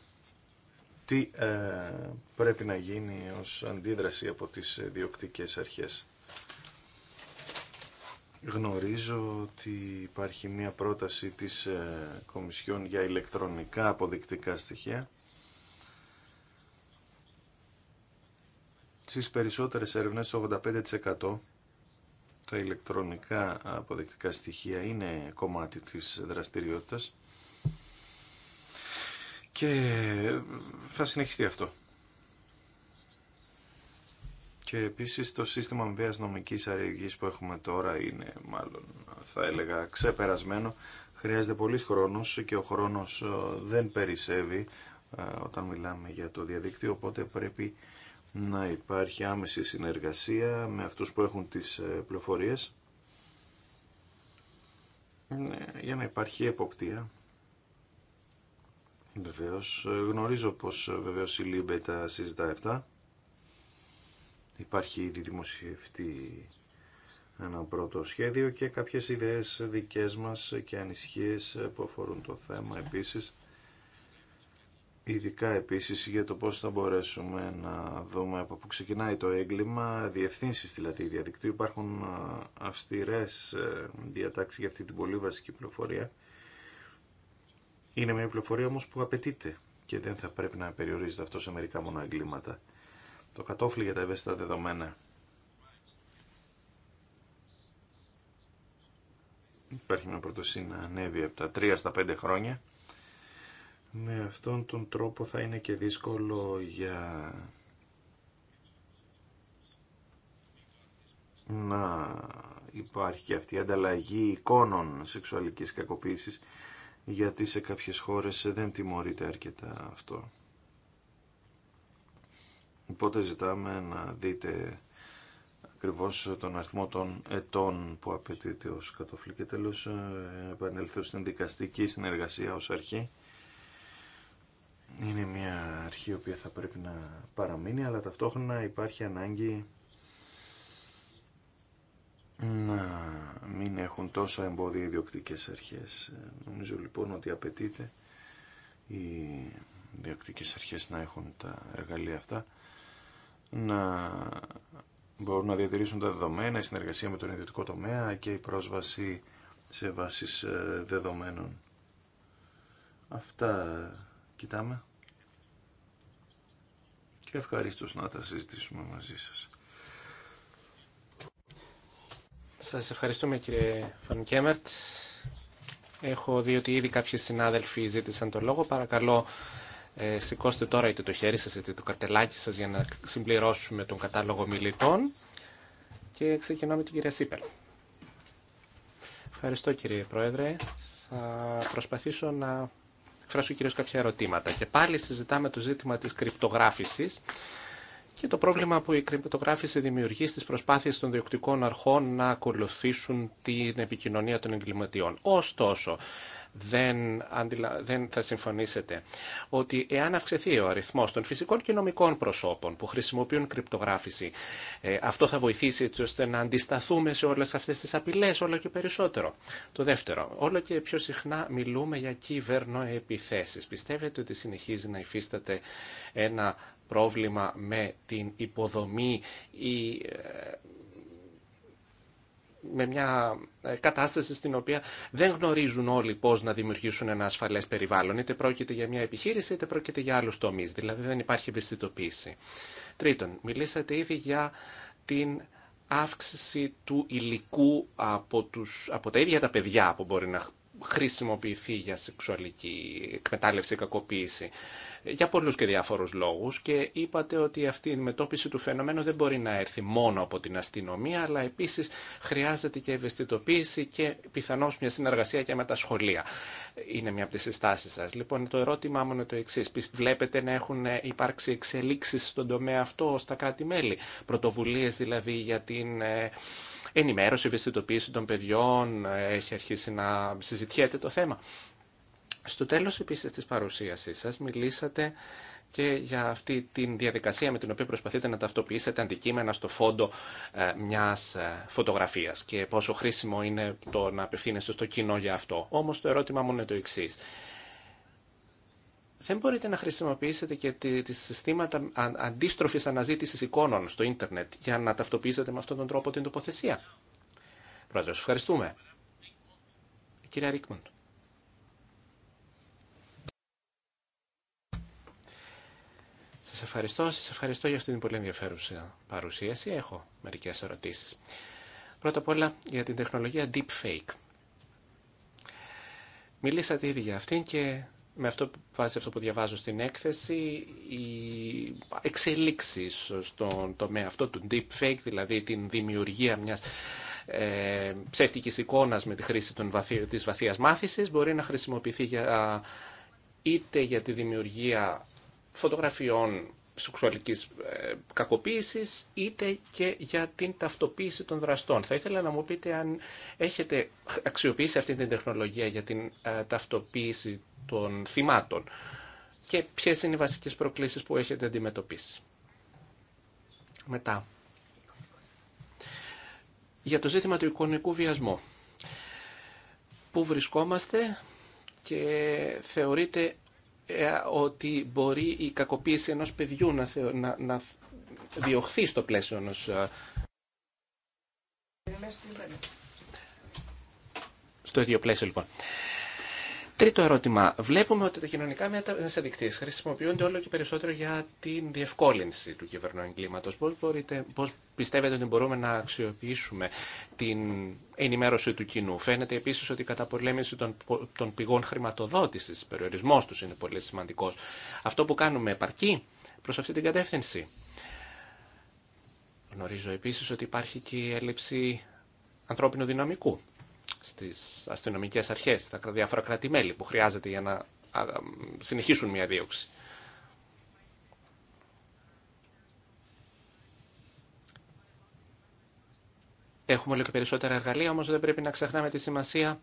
τι ε, πρέπει να γίνει ως αντίδραση από τις διοκτικές αρχές. Γνωρίζω ότι υπάρχει μια πρόταση της ε, Κομισιόν για ηλεκτρονικά αποδεικτικά στοιχεία. Στις περισσότερες έρευνες, 85% τα ηλεκτρονικά αποδεικτικά στοιχεία είναι κομμάτι της δραστηριότητας και θα συνεχιστεί αυτό. Και επίσης το σύστημα βίας νομικής αρρωγής που έχουμε τώρα είναι μάλλον θα έλεγα ξεπερασμένο. Χρειάζεται πολύς χρόνος και ο χρόνος ε, δεν περισσεύει ε, όταν μιλάμε για το διαδίκτυο οπότε πρέπει να υπάρχει άμεση συνεργασία με αυτούς που έχουν τις ε, πληροφορίες ναι, για να υπάρχει εποπτεία. Βεβαίω, γνωρίζω πως βεβαίως η Λίμπε συζητά αυτά Υπάρχει ήδη δημοσιευτεί ένα πρώτο σχέδιο και κάποιες ιδέες δικές μας και ανησυχίες που αφορούν το θέμα επίσης. Ειδικά επίσης για το πώς θα μπορέσουμε να δούμε από πού ξεκινάει το έγκλημα, διευθύνσεις δηλαδή διαδικτύου. Υπάρχουν αυστηρές ε, διατάξεις για αυτή την πολύ βασική πληροφορία. Είναι μια πληροφορία όμως που απαιτείται και δεν θα πρέπει να περιορίζεται αυτό σε μερικά μόνο εγκλήματα το κατόφλι για τα ευαίσθητα δεδομένα. Υπάρχει μια πρωτοσύνη να ανέβει από τα 3 στα 5 χρόνια. Με αυτόν τον τρόπο θα είναι και δύσκολο για να υπάρχει και αυτή η ανταλλαγή εικόνων σεξουαλικής κακοποίησης γιατί σε κάποιες χώρες δεν τιμωρείται αρκετά αυτό. Οπότε ζητάμε να δείτε ακριβώς τον αριθμό των ετών που απαιτείται ως κατοφλή και τέλος ε, επανέλθω στην δικαστική συνεργασία ως αρχή. Είναι μια αρχή η οποία θα πρέπει να παραμείνει αλλά ταυτόχρονα υπάρχει ανάγκη να μην έχουν τόσα εμπόδια διοκτικές αρχές. Νομίζω λοιπόν ότι απαιτείται οι διοκτικές αρχές να έχουν τα εργαλεία αυτά να μπορούν να διατηρήσουν τα δεδομένα, η συνεργασία με τον ιδιωτικό τομέα και η πρόσβαση σε βάσεις ε, δεδομένων. Αυτά κοιτάμε και ευχαριστώ να τα συζητήσουμε μαζί σας. Σας ευχαριστούμε κύριε Φανκέμερτ. Έχω δει ότι ήδη κάποιοι συνάδελφοι ζήτησαν το λόγο. Παρακαλώ ε, σηκώστε τώρα είτε το χέρι σας είτε το καρτελάκι σας για να συμπληρώσουμε τον κατάλογο μιλητών. Και ξεκινάμε με την κυρία Σίπελ. Ευχαριστώ κύριε Πρόεδρε. Θα προσπαθήσω να εκφράσω κυρίως κάποια ερωτήματα. Και πάλι συζητάμε το ζήτημα της κρυπτογράφησης και το πρόβλημα που η κρυπτογράφηση δημιουργεί στις προσπάθειες των διοκτικών αρχών να ακολουθήσουν την επικοινωνία των εγκληματιών. Ωστόσο, δεν, δεν θα συμφωνήσετε ότι εάν αυξηθεί ο αριθμός των φυσικών και νομικών προσώπων που χρησιμοποιούν κρυπτογράφηση, ε, αυτό θα βοηθήσει έτσι ώστε να αντισταθούμε σε όλες αυτές τις απειλές όλο και περισσότερο. Το δεύτερο, όλο και πιο συχνά μιλούμε για κυβερνοεπιθέσεις. Πιστεύετε ότι συνεχίζει να υφίσταται ένα πρόβλημα με την υποδομή ή ε, με μια ε, κατάσταση στην οποία δεν γνωρίζουν όλοι πώ να δημιουργήσουν ένα ασφαλέ περιβάλλον. Είτε πρόκειται για μια επιχείρηση, είτε πρόκειται για άλλου τομεί. Δηλαδή δεν υπάρχει εμπιστητοποίηση. Τρίτον, μιλήσατε ήδη για την αύξηση του υλικού από, τους, από τα ίδια τα παιδιά που μπορεί να χρησιμοποιηθεί για σεξουαλική εκμετάλλευση, κακοποίηση για πολλούς και διάφορους λόγους και είπατε ότι αυτή η τις συστάσεις του φαινομένου δεν μπορεί να έρθει μόνο από την αστυνομία αλλά επίσης χρειάζεται και ευαισθητοποίηση και πιθανώς μια συνεργασία και με τα σχολεία. Είναι μια από τις συστάσεις σας. Λοιπόν, το ερώτημά μου είναι το εξή. Βλέπετε να έχουν υπάρξει εξελίξεις στον τομέα αυτό στα κράτη-μέλη, πρωτοβουλίες δηλαδή για την ε, ενημέρωση, ευαισθητοποίηση των παιδιών, έχει αρχίσει να συζητιέται το θέμα. Στο τέλος επίσης της παρουσίασής σας μιλήσατε και για αυτή τη διαδικασία με την οποία προσπαθείτε να ταυτοποιήσετε αντικείμενα στο φόντο ε, μιας ε, φωτογραφίας και πόσο χρήσιμο είναι το να απευθύνεστε στο κοινό για αυτό. Όμως το ερώτημα μου είναι το εξής δεν μπορείτε να χρησιμοποιήσετε και τις συστήματα αντίστροφης αναζήτησης εικόνων στο ίντερνετ για να ταυτοποιήσετε με αυτόν τον τρόπο την τοποθεσία. Πρόεδρος, ευχαριστούμε. Κύριε Ρίκμοντ. Σας ευχαριστώ, σας ευχαριστώ για αυτή την πολύ ενδιαφέρουσα παρουσίαση. Έχω μερικές ερωτήσεις. Πρώτα απ' όλα για την τεχνολογία deepfake. Μιλήσατε ήδη για αυτήν και με αυτό, βάσει αυτό που διαβάζω στην έκθεση, οι εξελίξεις στον τομέα αυτό του deepfake, δηλαδή την δημιουργία μιας ε, ψεύτικης εικόνας με τη χρήση των βαθία της βαθίας μάθησης, μπορεί να χρησιμοποιηθεί για, είτε για τη δημιουργία φωτογραφιών σεξουαλικής ε, κακοποίησης, είτε και για την ταυτοποίηση των δραστών. Θα ήθελα να μου πείτε αν έχετε αξιοποιήσει αυτή την τεχνολογία για την ε, ταυτοποίηση των θυμάτων και ποιες είναι οι βασικές προκλήσεις που έχετε αντιμετωπίσει. Μετά. Για το ζήτημα του εικονικού βιασμού. Πού βρισκόμαστε και θεωρείτε ε, ότι μπορεί η κακοποίηση ενός παιδιού να, θεω... διωχθεί στο πλαίσιο ενός... Ε, στο ίδιο πλαίσιο λοιπόν. Τρίτο ερώτημα. Βλέπουμε ότι τα κοινωνικά μέσα δικτύες χρησιμοποιούνται όλο και περισσότερο για την διευκόλυνση του κυβερνού Πώς, Πώ πιστεύετε ότι μπορούμε να αξιοποιήσουμε την ενημέρωση του κοινού. Φαίνεται επίσης ότι η καταπολέμηση των, των πηγών χρηματοδότησης, περιορισμός τους είναι πολύ σημαντικός. Αυτό που κάνουμε επαρκεί προς αυτή την κατεύθυνση. Γνωρίζω επίσης ότι υπάρχει και η έλλειψη ανθρώπινου δυναμικού στις αστυνομικές αρχές, στα διάφορα κράτη-μέλη που χρειάζεται για να συνεχίσουν μια δίωξη. Έχουμε όλο και περισσότερα εργαλεία, όμως δεν πρέπει να ξεχνάμε τη σημασία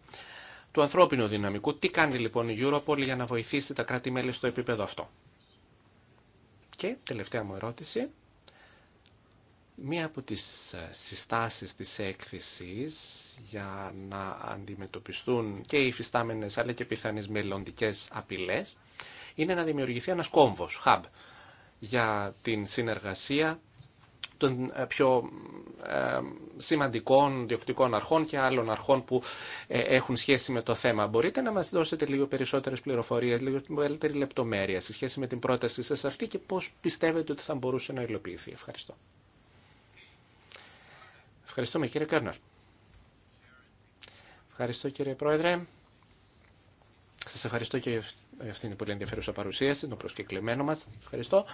του ανθρώπινου δυναμικού. Τι κάνει λοιπόν η Europol για να βοηθήσει τα κράτη-μέλη στο επίπεδο αυτό. Και τελευταία μου ερώτηση. Μία από τις ε, συστάσεις της έκθεσης για να αντιμετωπιστούν και οι φυστάμενες αλλά και πιθανές μελλοντικέ απειλές είναι να δημιουργηθεί ένας κόμβος, hub, για την συνεργασία των ε, πιο ε, σημαντικών διοκτικών αρχών και άλλων αρχών που έχουν σχέση με το θέμα. Μπορείτε να μας δώσετε λίγο περισσότερες πληροφορίες, λίγο μεγαλύτερη λεπτομέρεια σε σχέση με την πρότασή σας αυτή και πώς πιστεύετε ότι θα μπορούσε να υλοποιηθεί. Ευχαριστώ. Ευχαριστούμε κύριε Κέρνερ. Ευχαριστώ κύριε Πρόεδρε. Σας ευχαριστώ και για αυτήν την πολύ ενδιαφέρουσα παρουσίαση, τον προσκεκλημένο μας. Ευχαριστώ.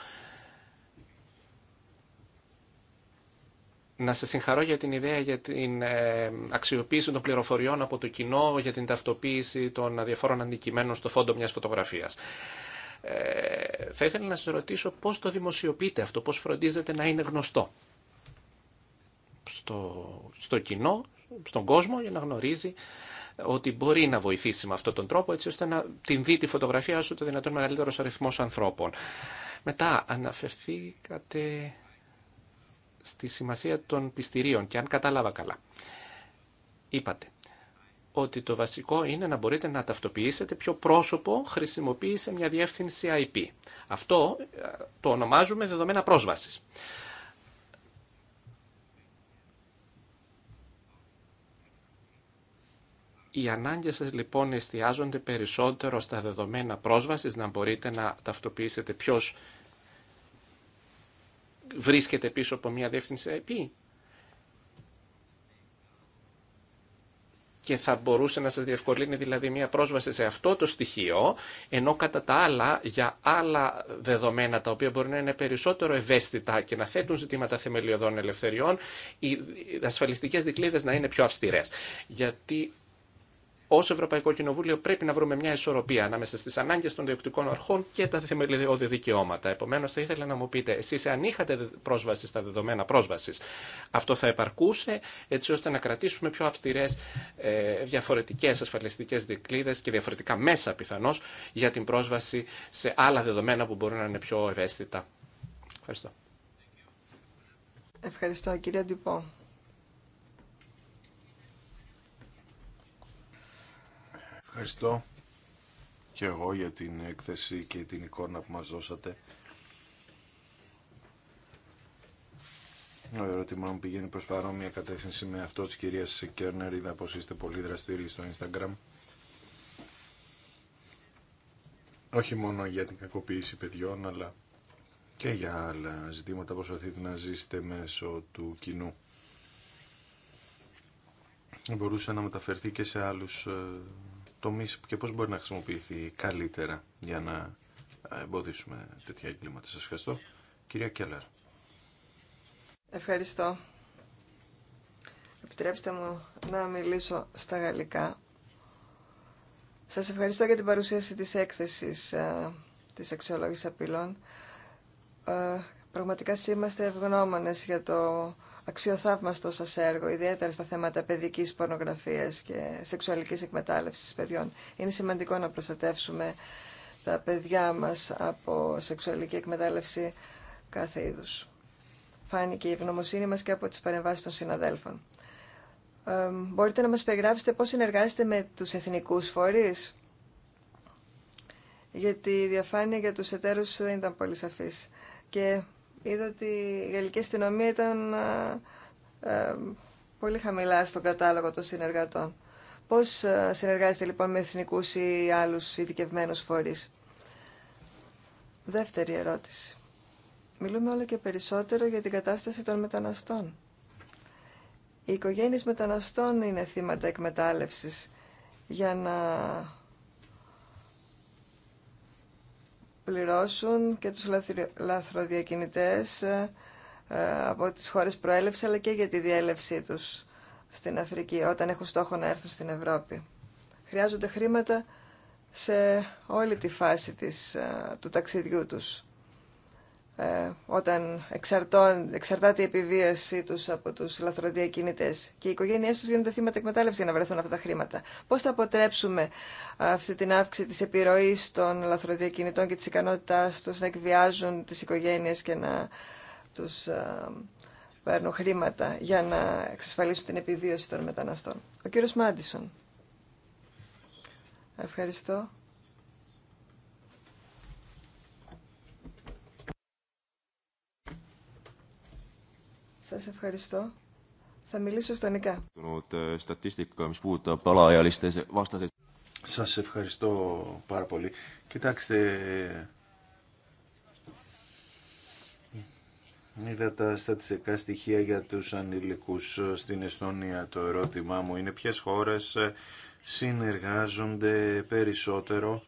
Να σας συγχαρώ για την ιδέα για την ε, αξιοποίηση των πληροφοριών από το κοινό για την ταυτοποίηση των διαφόρων αντικειμένων στο φόντο μιας φωτογραφίας. Ε, θα ήθελα να σας ρωτήσω πώς το δημοσιοποιείτε αυτό, πώς φροντίζετε να είναι γνωστό στο, στο κοινό, στον κόσμο για να γνωρίζει ότι μπορεί να βοηθήσει με αυτόν τον τρόπο έτσι ώστε να την δει τη φωτογραφία σου το δυνατόν μεγαλύτερο αριθμό ανθρώπων. Μετά αναφερθήκατε στη σημασία των πιστηρίων και αν κατάλαβα καλά. Είπατε ότι το βασικό είναι να μπορείτε να ταυτοποιήσετε ποιο πρόσωπο χρησιμοποίησε μια διεύθυνση IP. Αυτό ε, το ονομάζουμε δεδομένα πρόσβασης. Οι ανάγκες σας λοιπόν εστιάζονται περισσότερο στα δεδομένα πρόσβασης, να μπορείτε να ταυτοποιήσετε ποιος βρίσκεται πίσω από μια διεύθυνση IP και θα μπορούσε να σας διευκολύνει δηλαδή μια πρόσβαση σε αυτό το στοιχείο, ενώ κατά τα άλλα για άλλα δεδομένα τα οποία μπορεί να είναι περισσότερο ευαίσθητα και να θέτουν ζητήματα θεμελιωδών ελευθεριών, οι ασφαλιστικές δικλείδες να είναι πιο αυστηρές. Γιατί Ω Ευρωπαϊκό Κοινοβούλιο πρέπει να βρούμε μια ισορροπία ανάμεσα στι ανάγκε των διοκτικών αρχών και τα θεμελιώδη δικαιώματα. Επομένω, θα ήθελα να μου πείτε, εσεί αν είχατε πρόσβαση στα δεδομένα πρόσβαση, αυτό θα επαρκούσε έτσι ώστε να κρατήσουμε πιο αυστηρέ ε, διαφορετικέ ασφαλιστικέ δικλείδε και διαφορετικά μέσα πιθανώ για την πρόσβαση σε άλλα δεδομένα που μπορούν να είναι πιο ευαίσθητα. Ευχαριστώ. Ευχαριστώ, κύριε Ντυπό. Ευχαριστώ και εγώ για την έκθεση και την εικόνα που μας δώσατε. Ο ερώτημά μου πηγαίνει προς παρόμοια κατεύθυνση με αυτό της κυρίας Κέρνερ. Είδα πως είστε πολύ δραστήριοι στο Instagram. Όχι μόνο για την κακοποίηση παιδιών, αλλά και για άλλα ζητήματα που προσπαθείτε να ζήσετε μέσω του κοινού. Μπορούσε να μεταφερθεί και σε άλλους ε, τομείς και πώς μπορεί να χρησιμοποιηθεί καλύτερα για να ε, εμποδίσουμε τέτοια εγκλήματα. Σας ευχαριστώ. Κυρία Κέλλαρ. Ευχαριστώ. Επιτρέψτε μου να μιλήσω στα γαλλικά. Σας ευχαριστώ για την παρουσίαση της έκθεσης ε, της αξιολόγησης απειλών. Ε, πραγματικά είμαστε ευγνώμονες για το αξιοθαύμαστο σα έργο, ιδιαίτερα στα θέματα παιδική πορνογραφία και σεξουαλική εκμετάλλευση παιδιών. Είναι σημαντικό να προστατεύσουμε τα παιδιά μα από σεξουαλική εκμετάλλευση κάθε είδους. Φάνηκε η ευγνωμοσύνη μα και από τι παρεμβάσει των συναδέλφων. μπορείτε να μα περιγράψετε πώ συνεργάζεστε με του εθνικού φορεί, γιατί η διαφάνεια για τους εταίρους δεν ήταν πολύ σαφής είδα ότι η γαλλική αστυνομία ήταν ε, ε, πολύ χαμηλά στον κατάλογο των συνεργατών. Πώς ε, συνεργάζεται λοιπόν με εθνικούς ή άλλους ειδικευμένους φορείς. Δεύτερη ερώτηση. Μιλούμε όλο και περισσότερο για την κατάσταση των μεταναστών. Οι οικογένειες μεταναστών είναι θύματα εκμετάλλευσης για να πληρώσουν και τους λαθροδιακινητές ε, ε, από τις χώρες προέλευση αλλά και για τη διέλευσή τους στην Αφρική όταν έχουν στόχο να έρθουν στην Ευρώπη. Χρειάζονται χρήματα σε όλη τη φάση της, ε, του ταξιδιού τους ε, όταν εξαρτάται η επιβίωση τους από τους λαθροδιακινητέ και οι οικογένειές του γίνονται θύματα εκμετάλλευση για να βρεθούν αυτά τα χρήματα. Πώς θα αποτρέψουμε αυτή την αύξηση της επιρροή των λαθροδιακινητών και τη ικανότητα τους να εκβιάζουν τις οικογένειες και να τους ε, παίρνουν χρήματα για να εξασφαλίσουν την επιβίωση των μεταναστών. Ο κύριος Μάντισον. Ευχαριστώ. Σας ευχαριστώ. Θα μιλήσω Νικά. Ε, Σας ευχαριστώ πάρα πολύ. Κοιτάξτε, Είδα τα στατιστικά στοιχεία για τους ανηλικούς στην Εστονία. Το ερώτημά μου είναι ποιες χώρες συνεργάζονται περισσότερο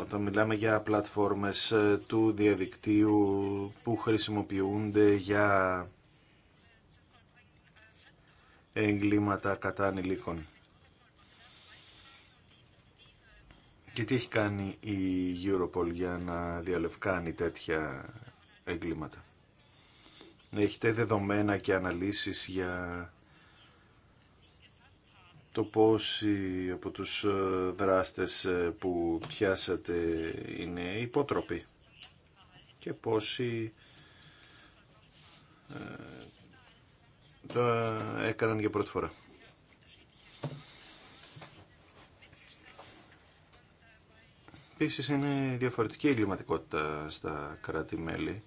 όταν μιλάμε για πλατφόρμες ε, του διαδικτύου που χρησιμοποιούνται για εγκλήματα κατά ανηλίκων. Και τι έχει κάνει η Europol για να διαλευκάνει τέτοια εγκλήματα. Έχετε δεδομένα και αναλύσεις για το πόσοι από τους ε, δράστες ε, που πιάσατε είναι υπότροποι και πόσοι ε, το έκαναν για πρώτη φορά. Επίση είναι διαφορετική εγκληματικότητα στα κράτη-μέλη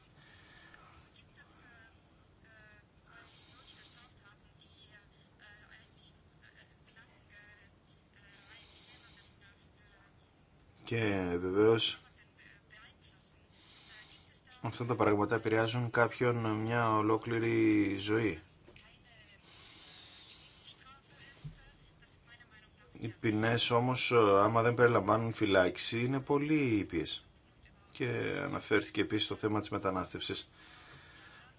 Και βεβαίως αυτά τα πράγματα επηρεάζουν κάποιον μια ολόκληρη ζωή. Οι ποινέ όμως, άμα δεν περιλαμβάνουν φυλάκιση, είναι πολύ ήπιε. Και αναφέρθηκε επίσης το θέμα της μετανάστευση.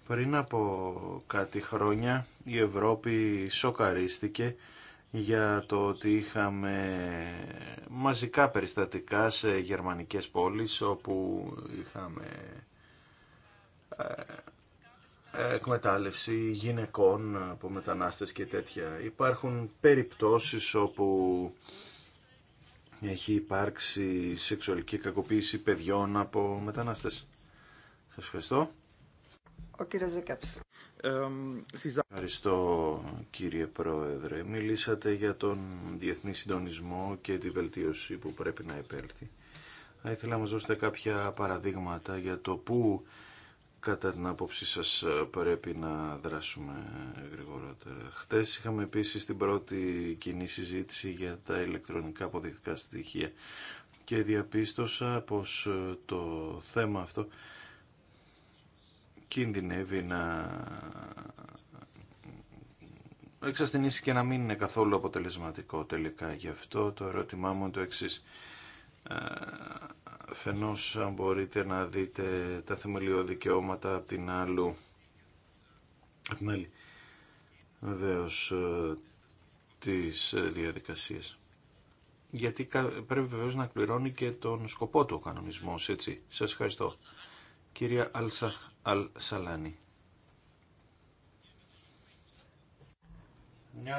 Πριν από κάτι χρόνια η Ευρώπη σοκαρίστηκε για το ότι είχαμε μαζικά περιστατικά σε γερμανικές πόλεις όπου είχαμε ε, εκμετάλλευση γυναικών από μετανάστες και τέτοια. Υπάρχουν περιπτώσεις όπου έχει υπάρξει σεξουαλική κακοποίηση παιδιών από μετανάστες. Σας ευχαριστώ. Ο κύριος Ευχαριστώ κύριε Πρόεδρε. Μιλήσατε για τον διεθνή συντονισμό και τη βελτίωση που πρέπει να επέλθει. Θα ήθελα να μας δώσετε κάποια παραδείγματα για το πού κατά την άποψή σας πρέπει να δράσουμε γρηγορότερα. Χτες είχαμε επίσης την πρώτη κοινή συζήτηση για τα ηλεκτρονικά αποδεικτικά στοιχεία και διαπίστωσα πως το θέμα αυτό κινδυνεύει να εξασθενήσει και να μην είναι καθόλου αποτελεσματικό τελικά. Γι' αυτό το ερώτημά μου είναι το εξής. Ε, Φενός αν μπορείτε να δείτε τα θεμελιώδη δικαιώματα από την, άλλου, από την άλλη βεβαίως ε, της ε, διαδικασίας. Γιατί πρέπει βεβαίως να εκπληρώνει και τον σκοπό του ο κανονισμός, έτσι. Σας ευχαριστώ. Κυρία αλσα αλ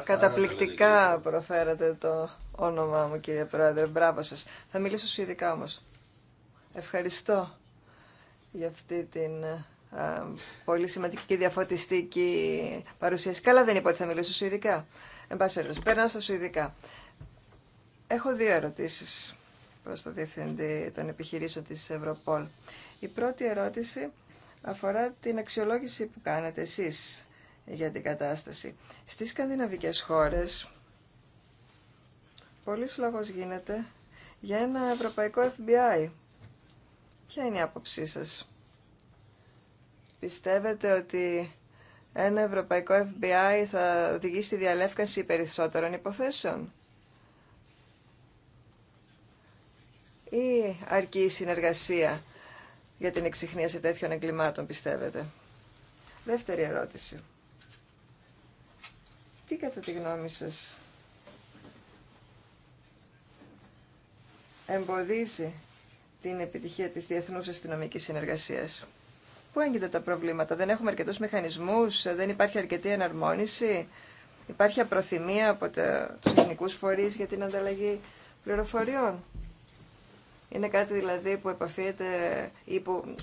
Καταπληκτικά δηλαδή, προφέρατε το όνομά μου, κύριε Πρόεδρε. Μπράβο σας. Θα μιλήσω σου ειδικά όμως. Ευχαριστώ για αυτή την πολύ σημαντική και διαφωτιστική παρουσίαση. Καλά δεν είπα ότι θα μιλήσω σου ειδικά. Εν πάση στα σου ειδικά. Έχω δύο ερωτήσεις προς το Διευθυντή των Επιχειρήσεων της Ευρωπόλ. Η πρώτη ερώτηση αφορά την αξιολόγηση που κάνετε εσείς για την κατάσταση. Στις σκανδιναβικές χώρες, πολλής λόγος γίνεται για ένα ευρωπαϊκό FBI. Ποια είναι η άποψή σας? Πιστεύετε ότι ένα ευρωπαϊκό FBI θα οδηγήσει στη διαλεύκανση περισσότερων υποθέσεων? Ή αρκεί η συνεργασία για την εξυχνίαση τέτοιων εγκλημάτων, πιστεύετε. Δεύτερη ερώτηση. Τι κατά τη γνώμη σας εμποδίζει την επιτυχία της διεθνούς αστυνομικής συνεργασίας. Πού έγινε τα προβλήματα, δεν έχουμε αρκετούς μηχανισμούς, δεν υπάρχει αρκετή εναρμόνιση, υπάρχει απροθυμία από τους εθνικούς φορείς για την ανταλλαγή πληροφοριών. Είναι κάτι δηλαδή που επαφείται ή που,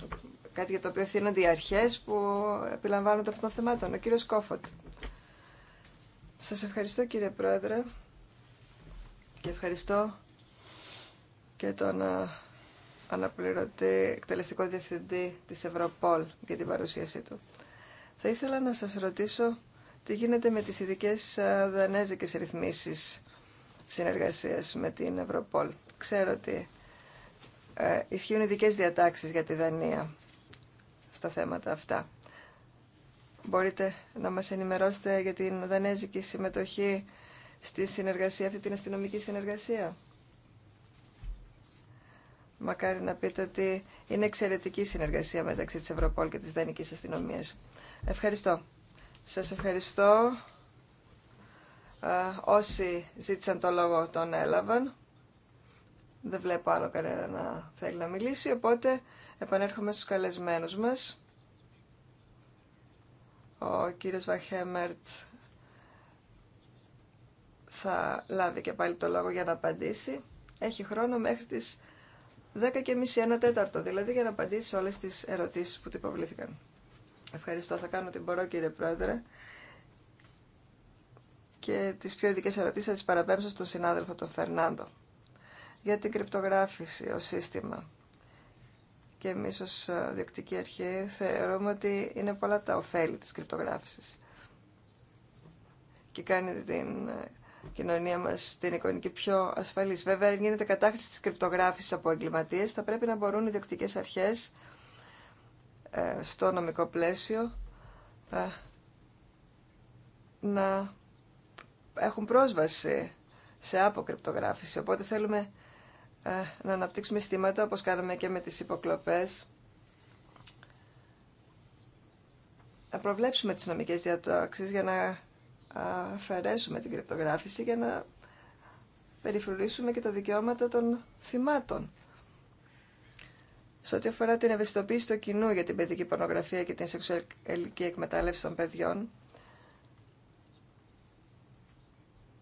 κάτι για το οποίο ευθύνονται οι αρχές που επιλαμβάνονται αυτών των θεμάτων. Ο κύριος Κόφωτ. Σας ευχαριστώ κύριε Πρόεδρε και ευχαριστώ και τον αναπληρωτή εκτελεστικό διευθυντή της Ευρωπόλ για την παρουσίασή του. Θα ήθελα να σας ρωτήσω τι γίνεται με τις ειδικέ δανέζικες ρυθμίσεις συνεργασίας με την Ευρωπόλ. Ξέρω ότι ε, ισχύουν ειδικέ διατάξεις για τη Δανία στα θέματα αυτά. Μπορείτε να μας ενημερώσετε για την δανέζικη συμμετοχή στη συνεργασία, αυτή την αστυνομική συνεργασία. Μακάρι να πείτε ότι είναι εξαιρετική συνεργασία μεταξύ της Ευρωπόλ και της Δανικής Αστυνομίας. Ευχαριστώ. Σας ευχαριστώ. Ε, όσοι ζήτησαν το λόγο τον έλαβαν. Δεν βλέπω άλλο κανένα να θέλει να μιλήσει, οπότε επανέρχομαι στους καλεσμένους μας. Ο κύριος Βαχέμερτ θα λάβει και πάλι το λόγο για να απαντήσει. Έχει χρόνο μέχρι τις 10:30 και μισή, ένα τέταρτο, δηλαδή για να απαντήσει σε όλες τις ερωτήσεις που του υποβλήθηκαν. Ευχαριστώ, θα κάνω την μπορώ κύριε Πρόεδρε. Και τις πιο ειδικές ερωτήσεις θα τις παραπέμψω στον συνάδελφο τον Φερνάντο για την κρυπτογράφηση ως σύστημα. Και εμείς ως ε, διεκτική αρχή θεωρούμε ότι είναι πολλά τα ωφέλη της κρυπτογράφησης και κάνει την ε, κοινωνία μας την εικονική πιο ασφαλής. Βέβαια, αν γίνεται κατάχρηση της κρυπτογράφησης από εγκληματίες, θα πρέπει να μπορούν οι διεκτικές αρχές ε, στο νομικό πλαίσιο να έχουν πρόσβαση σε αποκρυπτογράφηση. Οπότε θέλουμε ε, να αναπτύξουμε αισθήματα, όπως κάναμε και με τις υποκλοπές. Να προβλέψουμε τις νομικές διατάξεις για να αφαιρέσουμε την κρυπτογράφηση για να περιφρουρήσουμε και τα δικαιώματα των θυμάτων. Σε ό,τι αφορά την ευαισθητοποίηση του κοινού για την παιδική πορνογραφία και την σεξουαλική εκμετάλλευση των παιδιών,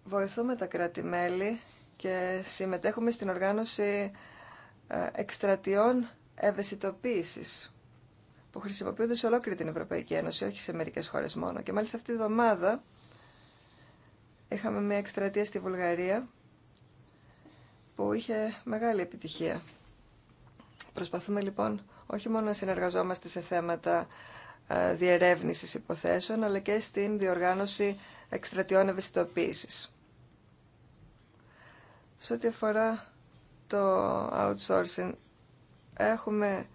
βοηθούμε τα κράτη-μέλη και συμμετέχουμε στην οργάνωση ε, εκστρατιών ευαισθητοποίησης που χρησιμοποιούνται σε ολόκληρη την Ευρωπαϊκή Ένωση, όχι σε μερικές χώρες μόνο. Και μάλιστα αυτή τη εβδομάδα είχαμε μια εκστρατεία στη Βουλγαρία που είχε μεγάλη επιτυχία. Προσπαθούμε λοιπόν όχι μόνο να συνεργαζόμαστε σε θέματα ε, διερεύνησης υποθέσεων, αλλά και στην διοργάνωση εκστρατιών ευαισθητοποίησης. Σε ό,τι αφορά το outsourcing, έχουμε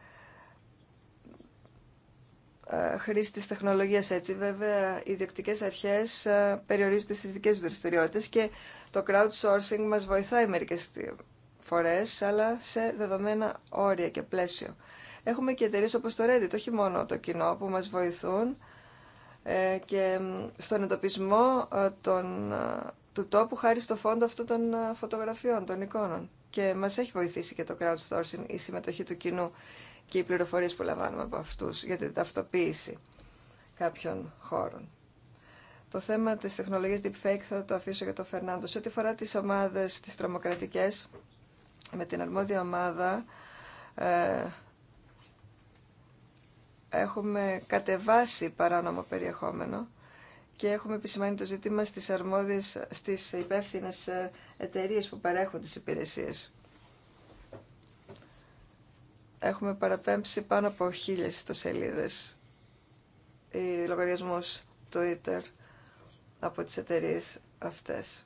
ε, χρήση της τεχνολογίας έτσι. Βέβαια, οι διεκτικές αρχές ε, περιορίζονται στις δικές τους δραστηριότητες και το crowdsourcing μας βοηθάει μερικές φορές, αλλά σε δεδομένα όρια και πλαίσιο. Έχουμε και εταιρείε όπως το Reddit, όχι μόνο το κοινό που μας βοηθούν ε, και στον εντοπισμό των του τόπου χάρη στο φόντο αυτών των ε, φωτογραφιών, των εικόνων. Και μας έχει βοηθήσει και το crowdsourcing, η συμμετοχή του κοινού και οι πληροφορίες που λαμβάνουμε από αυτούς για την ταυτοποίηση κάποιων χώρων. Το θέμα της τεχνολογίας deepfake θα το αφήσω για τον Φερνάντο. Σε ό,τι φορά τις ομάδες, τι τρομοκρατικέ, με την αρμόδια ομάδα ε, έχουμε κατεβάσει παράνομο περιεχόμενο και έχουμε επισημάνει το ζήτημα στις αρμόδιες, στις υπεύθυνες ε, εταιρείες που παρέχουν τις υπηρεσίες. Έχουμε παραπέμψει πάνω από χίλιες σελίδες οι λογαριασμούς Twitter από τις εταιρείες αυτές.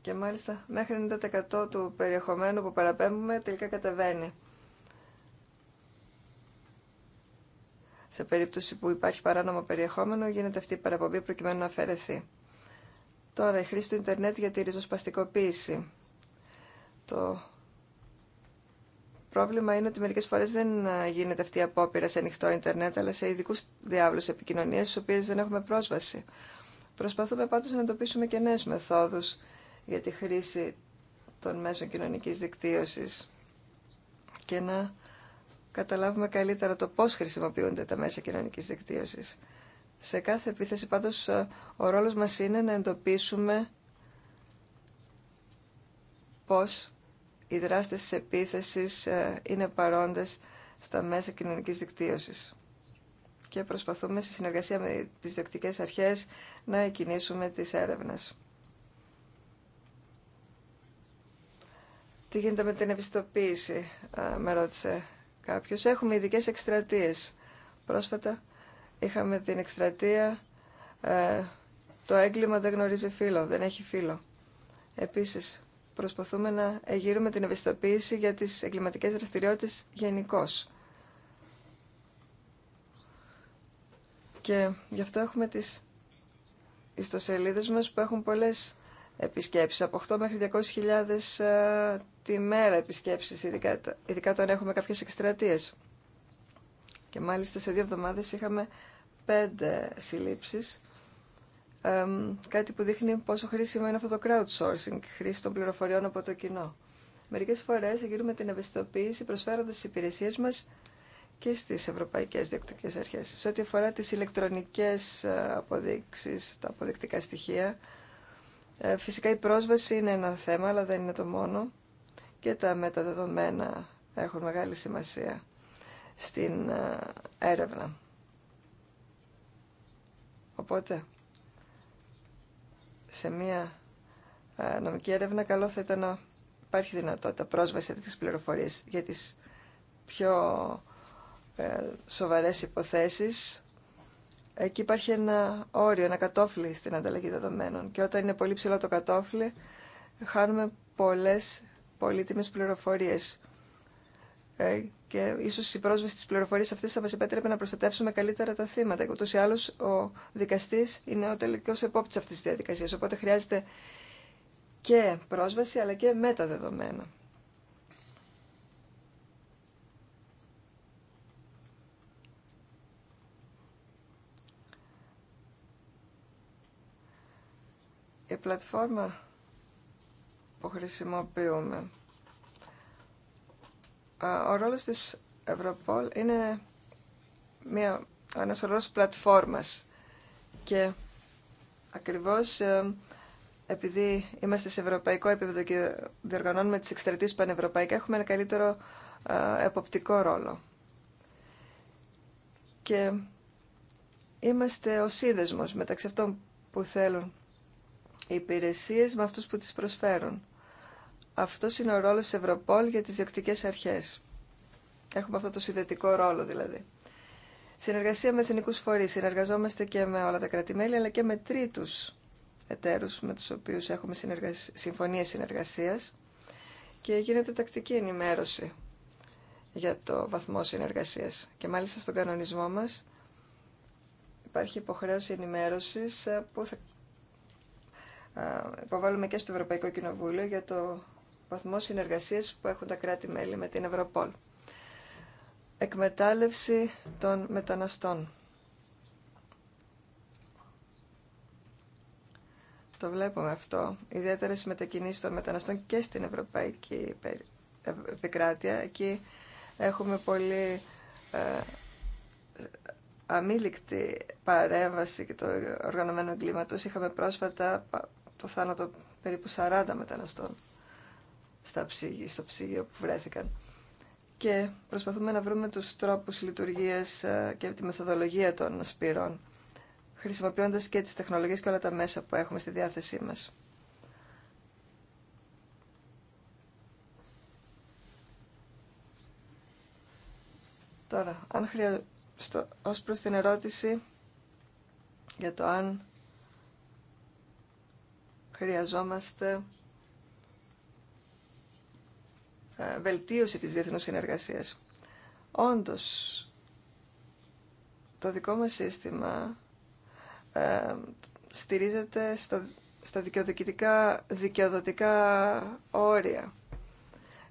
Και μάλιστα μέχρι 90% του περιεχομένου που παραπέμπουμε τελικά κατεβαίνει. σε περίπτωση που υπάρχει παράνομο περιεχόμενο, γίνεται αυτή η παραπομπή προκειμένου να αφαιρεθεί. Τώρα, η χρήση του Ιντερνετ για τη ριζοσπαστικοποίηση. Το πρόβλημα είναι ότι μερικέ φορέ δεν ε, γίνεται αυτή η απόπειρα σε ανοιχτό Ιντερνετ, αλλά σε ειδικού διάβλου επικοινωνία, στους οποίες δεν έχουμε πρόσβαση. Προσπαθούμε πάντω να εντοπίσουμε και νέε μεθόδου για τη χρήση των μέσων κοινωνική δικτύωση και να καταλάβουμε καλύτερα το πώς χρησιμοποιούνται τα μέσα κοινωνικής δικτύωσης. Σε κάθε επίθεση πάντως ε, ο ρόλος μας είναι να εντοπίσουμε πώς οι δράστες της επίθεσης ε, είναι παρόντες στα μέσα κοινωνικής δικτύωσης. Και προσπαθούμε σε συνεργασία με τις διοκτικές αρχές να εκκινήσουμε τις έρευνες. Τι γίνεται με την ευαισθητοποίηση, ε, με ρώτησε κάποιο. Έχουμε ειδικέ εκστρατείε. Πρόσφατα είχαμε την εκστρατεία ε, «Το έγκλημα δεν γνωρίζει φίλο, δεν έχει φίλο». Επίσης, προσπαθούμε να εγείρουμε την ευαισθητοποίηση για τις εγκληματικέ δραστηριότητες γενικώ. Και γι' αυτό έχουμε τις ιστοσελίδες μας που έχουν πολλές επισκέψεις, από 8 μέχρι 200.000 τη μέρα επισκέψεις, ειδικά, ειδικά όταν έχουμε κάποιε εκστρατείε. Και μάλιστα σε δύο εβδομάδε είχαμε πέντε συλλήψει. ε, κάτι που δείχνει πόσο χρήσιμο είναι αυτό το crowdsourcing, χρήση των πληροφοριών από το κοινό. Μερικέ φορέ εγγύρουμε την ευαισθητοποίηση προσφέροντα τι υπηρεσίε μα και στι ευρωπαϊκέ διεκτικέ αρχές. Σε ό,τι αφορά τι ηλεκτρονικέ ε, αποδείξει, τα αποδεικτικά στοιχεία, ε, φυσικά η πρόσβαση είναι ένα θέμα, αλλά δεν είναι το μόνο και τα μεταδεδομένα έχουν μεγάλη σημασία στην ε, έρευνα. Οπότε, σε μία ε, νομική έρευνα καλό θα ήταν να υπάρχει δυνατότητα πρόσβαση σε τις πληροφορίες για τις πιο ε, σοβαρές υποθέσεις. Εκεί υπάρχει ένα όριο, ένα κατόφλι στην ανταλλαγή δεδομένων και όταν είναι πολύ ψηλό το κατόφλι χάνουμε πολλές πολύτιμες πληροφορίες ε, και ίσως η πρόσβαση στις πληροφορίες αυτές θα μας επέτρεπε να προστατεύσουμε καλύτερα τα θύματα. Και ούτως ή άλλως ο δικαστής είναι ο τελικός επόπτης αυτής της διαδικασίας, οπότε χρειάζεται και πρόσβαση αλλά και μεταδεδομένα. Η πλατφόρμα που χρησιμοποιούμε. Ο ρόλος της Ευρωπόλ είναι μια, ένας ρόλος πλατφόρμας και ακριβώς ε, επειδή είμαστε σε ευρωπαϊκό επίπεδο και διοργανώνουμε τις εξτρατείες πανευρωπαϊκά έχουμε ένα καλύτερο εποπτικό ρόλο. Και είμαστε ο σύνδεσμος μεταξύ αυτών που θέλουν οι υπηρεσίες με αυτούς που τις προσφέρουν. Αυτό είναι ο ρόλος της Ευρωπόλ για τις διοκτικές αρχές. Έχουμε αυτό το συνδετικό ρόλο δηλαδή. Συνεργασία με εθνικούς φορείς. Συνεργαζόμαστε και με όλα τα κρατημέλη αλλά και με τρίτους εταίρους με τους οποίους έχουμε συνεργασ... συμφωνίες συνεργασίας και γίνεται τακτική ενημέρωση για το βαθμό συνεργασίας. Και μάλιστα στον κανονισμό μας υπάρχει υποχρέωση ενημέρωσης ε, που θα υποβάλλουμε και στο Ευρωπαϊκό Κοινοβούλιο για το βαθμό συνεργασίας που έχουν τα κράτη-μέλη με την Ευρωπόλ. Εκμετάλλευση των μεταναστών. Το βλέπουμε αυτό. Ιδιαίτερα στις των μεταναστών και στην Ευρωπαϊκή Επικράτεια. Εκεί έχουμε πολύ ε, αμήλικτη παρέμβαση και το οργανωμένο εγκλήματος. Είχαμε πρόσφατα το θάνατο περίπου 40 μεταναστών στο ψυγείο που βρέθηκαν. Και προσπαθούμε να βρούμε τους τρόπους λειτουργίας ε, και τη μεθοδολογία των σπυρών, χρησιμοποιώντας και τις τεχνολογίες και όλα τα μέσα που έχουμε στη διάθεσή μας. Τώρα, αν χρεια... ως προς την ερώτηση για το αν χρειαζόμαστε ε, βελτίωση της διεθνούς συνεργασίας. Όντως, το δικό μας σύστημα ε, στηρίζεται στα δικαιοδοτικά, όρια.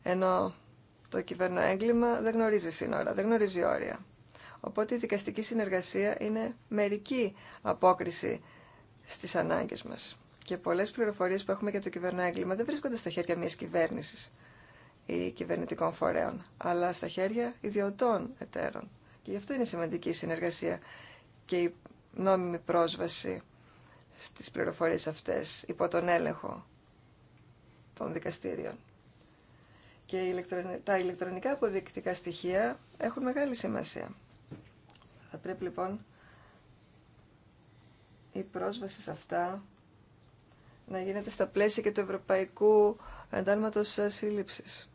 Ενώ το κυβέρνο έγκλημα δεν γνωρίζει σύνορα, δεν γνωρίζει όρια. Οπότε η δικαστική συνεργασία είναι μερική απόκριση στις ανάγκες μας. Και πολλές πληροφορίες που έχουμε για το έγκλημα δεν βρίσκονται στα χέρια μιας κυβέρνησης ή κυβερνητικών φορέων, αλλά στα χέρια ιδιωτών εταίρων. Και γι' αυτό είναι σημαντική η συνεργασία και η νόμιμη πρόσβαση στις πληροφορίες αυτές υπό τον έλεγχο των δικαστήριων. Και τα ηλεκτρονικά αποδεικτικά στοιχεία έχουν μεγάλη σημασία. Θα πρέπει λοιπόν η πρόσβαση σε αυτά να γίνεται στα πλαίσια και του Ευρωπαϊκού Εντάλματος Σύλληψης.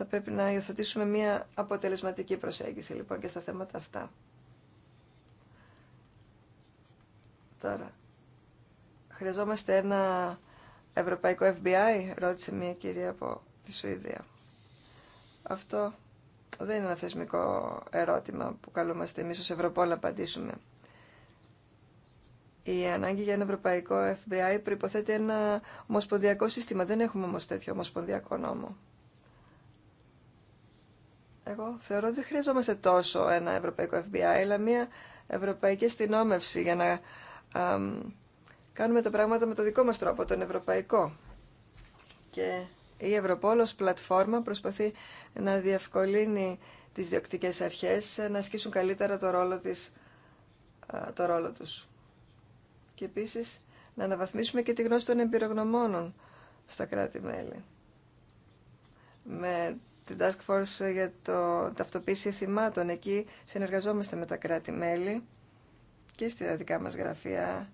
Θα πρέπει να υιοθετήσουμε μια αποτελεσματική προσέγγιση λοιπόν και στα θέματα αυτά. Τώρα, χρειαζόμαστε ένα ευρωπαϊκό FBI, ρώτησε μια κυρία από τη Σουηδία. Αυτό δεν είναι ένα θεσμικό ερώτημα που καλούμαστε εμείς ως Ευρωπόλ να απαντήσουμε. Η ανάγκη για ένα ευρωπαϊκό FBI προϋποθέτει ένα ομοσπονδιακό σύστημα. Δεν έχουμε όμως τέτοιο ομοσπονδιακό νόμο. Εγώ θεωρώ ότι δεν χρειαζόμαστε τόσο ένα ευρωπαϊκό FBI, αλλά μια ευρωπαϊκή αστυνόμευση για να κάνουμε τα πράγματα με το δικό μας τρόπο, τον ευρωπαϊκό. Και η Ευρωπόλος πλατφόρμα προσπαθεί να διευκολύνει τις διοκτικές αρχές να ασκήσουν καλύτερα το ρόλο, της, το ρόλο τους. Και επίσης να αναβαθμίσουμε και τη γνώση των εμπειρογνωμόνων στα κράτη-μέλη. Με την Task Force για το ταυτοποίηση θυμάτων. Εκεί συνεργαζόμαστε με τα κράτη-μέλη και στη δικά μας γραφεία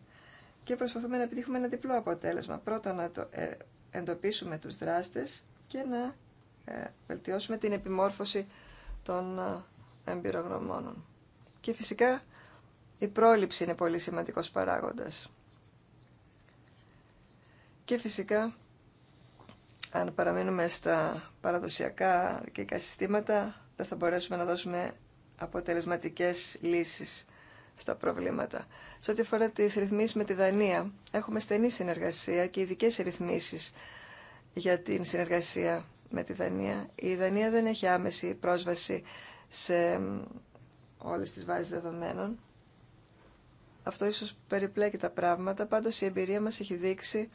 και προσπαθούμε να επιτύχουμε ένα διπλό αποτέλεσμα. Πρώτα να το, ε, εντοπίσουμε τους δράστες και να ε, βελτιώσουμε την επιμόρφωση των ε, εμπειρογνωμόνων. Και φυσικά η πρόληψη είναι πολύ σημαντικός παράγοντας. Και φυσικά αν παραμείνουμε στα παραδοσιακά και συστήματα δεν θα μπορέσουμε να δώσουμε αποτελεσματικές λύσεις στα προβλήματα. Σε ό,τι αφορά τις ρυθμίσεις με τη Δανία, έχουμε στενή συνεργασία και ειδικέ ρυθμίσεις για την συνεργασία με τη Δανία. Η Δανία δεν έχει άμεση πρόσβαση σε όλες τις βάσεις δεδομένων. Αυτό ίσως περιπλέκει τα πράγματα, πάντως η εμπειρία μας έχει δείξει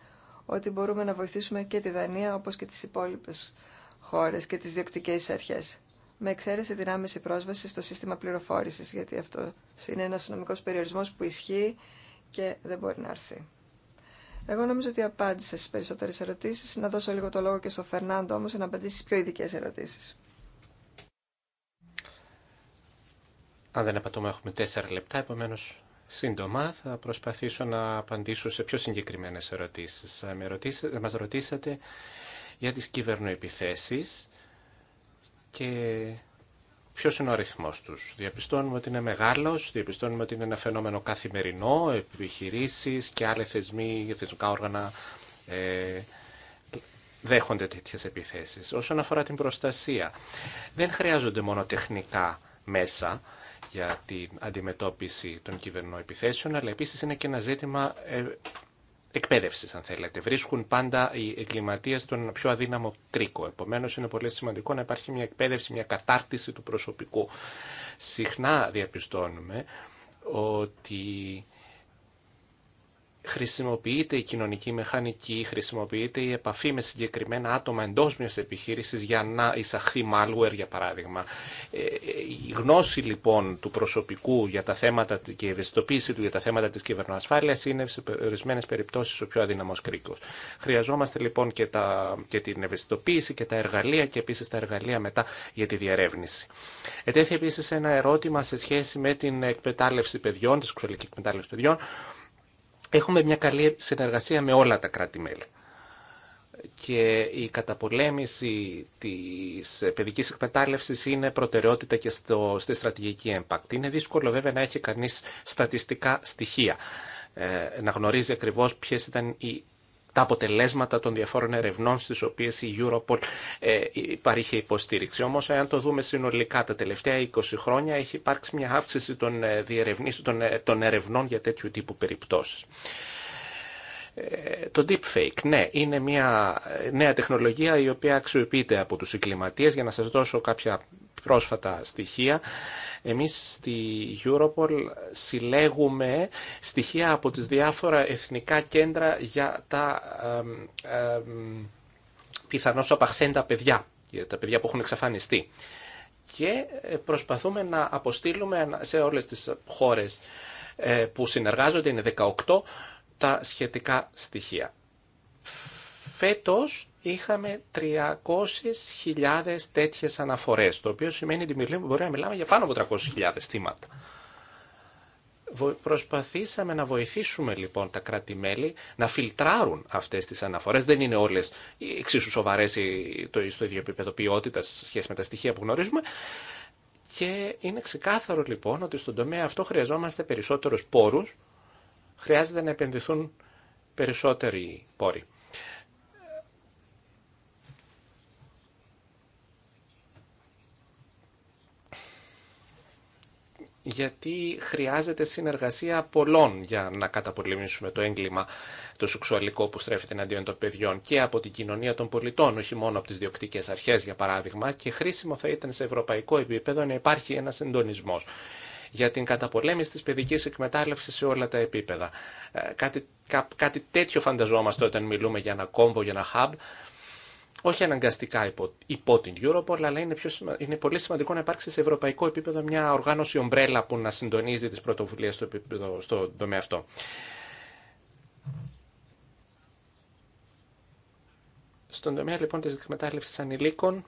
ότι μπορούμε να βοηθήσουμε και τη Δανία όπως και τις υπόλοιπες χώρες και τις διοκτικές αρχές. Με εξαίρεση την άμεση πρόσβαση στο σύστημα πληροφόρησης, γιατί αυτό είναι ένας νομικός περιορισμός που ισχύει και δεν μπορεί να έρθει. Εγώ νομίζω ότι απάντησα στις περισσότερε ερωτήσει. Να δώσω λίγο το λόγο και στον Φερνάντο όμως να απαντήσει πιο ειδικέ ερωτήσεις. Αν δεν απατώμα, έχουμε τέσσερα λεπτά. Επομένω, σύντομα θα προσπαθήσω να απαντήσω σε πιο συγκεκριμένε ερωτήσει. Ε, Μα ρωτήσατε για τις κυβερνοεπιθέσεις και ποιος είναι ο αριθμός τους. Διαπιστώνουμε ότι είναι μεγάλος, διαπιστώνουμε ότι είναι ένα φαινόμενο καθημερινό, επιχειρήσεις και άλλοι θεσμοί, θεσμικά όργανα ε, δέχονται τέτοιες επιθέσεις. Όσον αφορά την προστασία, δεν χρειάζονται μόνο τεχνικά μέσα, για την αντιμετώπιση των κυβερνοεπιθέσεων, αλλά επίσης είναι και ένα ζήτημα ε, εκπαίδευση, αν θέλετε. Βρίσκουν πάντα οι εγκληματίε τον πιο αδύναμο κρίκο. Επομένω, είναι πολύ σημαντικό να υπάρχει μια εκπαίδευση, μια κατάρτιση του προσωπικού. Συχνά διαπιστώνουμε ότι χρησιμοποιείται η κοινωνική μηχανική, χρησιμοποιείται η επαφή με συγκεκριμένα άτομα εντό μια επιχείρηση για να εισαχθεί malware, για παράδειγμα. Ε, η γνώση λοιπόν του προσωπικού για τα θέματα και η ευαισθητοποίηση του για τα θέματα τη κυβερνοασφάλεια είναι σε ορισμένε περιπτώσει ο πιο αδύναμο κρίκο. Χρειαζόμαστε λοιπόν και, τα, και την ευαισθητοποίηση και τα εργαλεία και επίση τα εργαλεία μετά για τη διερεύνηση. Ετέθη επίση ένα ερώτημα σε σχέση με την εκμετάλλευση παιδιών, τη σεξουαλική εκμετάλλευση παιδιών έχουμε μια καλή συνεργασία με όλα τα κράτη-μέλη. Και η καταπολέμηση της παιδικής εκμετάλλευσης είναι προτεραιότητα και στο, στη στρατηγική impact. Είναι δύσκολο βέβαια να έχει κανείς στατιστικά στοιχεία, ε, να γνωρίζει ακριβώς ποιες ήταν οι τα αποτελέσματα των διαφόρων ερευνών στις οποίες η Europol ε, υπάρχει υποστήριξη. Όμως, αν το δούμε συνολικά τα τελευταία 20 χρόνια, έχει υπάρξει μια αύξηση των, ε, των, ε, των ερευνών για τέτοιου τύπου περιπτώσεις. Ε, το deepfake, ναι, είναι μια νέα τεχνολογία η οποία αξιοποιείται από τους εγκληματίες. Για να σας δώσω κάποια πρόσφατα στοιχεία. Εμείς στη Europol συλλέγουμε στοιχεία από τις διάφορα εθνικά κέντρα για τα ε, ε, πιθανώς απαχθέντα παιδιά, για τα παιδιά που έχουν εξαφανιστεί. Και ε, προσπαθούμε να αποστείλουμε σε όλες τις χώρες ε, που συνεργάζονται, είναι 18, τα σχετικά στοιχεία. Φέτος είχαμε 300.000 τέτοιες αναφορές, το οποίο σημαίνει ότι μπορεί να μιλάμε για πάνω από 300.000 θύματα. Προσπαθήσαμε να βοηθήσουμε λοιπόν τα κράτη-μέλη να φιλτράρουν αυτές τις αναφορές. Δεν είναι όλες εξίσου σοβαρές στο ίδιο επίπεδο ποιότητας σε σχέση με τα στοιχεία που γνωρίζουμε. Και είναι ξεκάθαρο λοιπόν ότι στον τομέα αυτό χρειαζόμαστε περισσότερους πόρους, χρειάζεται να επενδυθούν περισσότεροι πόροι. γιατί χρειάζεται συνεργασία πολλών για να καταπολεμήσουμε το έγκλημα το σεξουαλικό που στρέφεται εναντίον των παιδιών και από την κοινωνία των πολιτών, όχι μόνο από τις διοκτικές αρχές για παράδειγμα και χρήσιμο θα ήταν σε ευρωπαϊκό επίπεδο να υπάρχει ένας συντονισμός για την καταπολέμηση της παιδικής εκμετάλλευσης σε όλα τα επίπεδα. Ε, κάτι, κάτι τέτοιο φανταζόμαστε όταν μιλούμε για ένα κόμβο, για ένα hub, όχι αναγκαστικά υπό, υπό την Europol, αλλά είναι, είναι πολύ σημαντικό να υπάρξει σε ευρωπαϊκό επίπεδο μια οργάνωση ομπρέλα που να συντονίζει τις πρωτοβουλίες στο, επίπεδο, στο τομέα αυτό. Στον τομέα λοιπόν της εκμετάλλευσης ανηλίκων,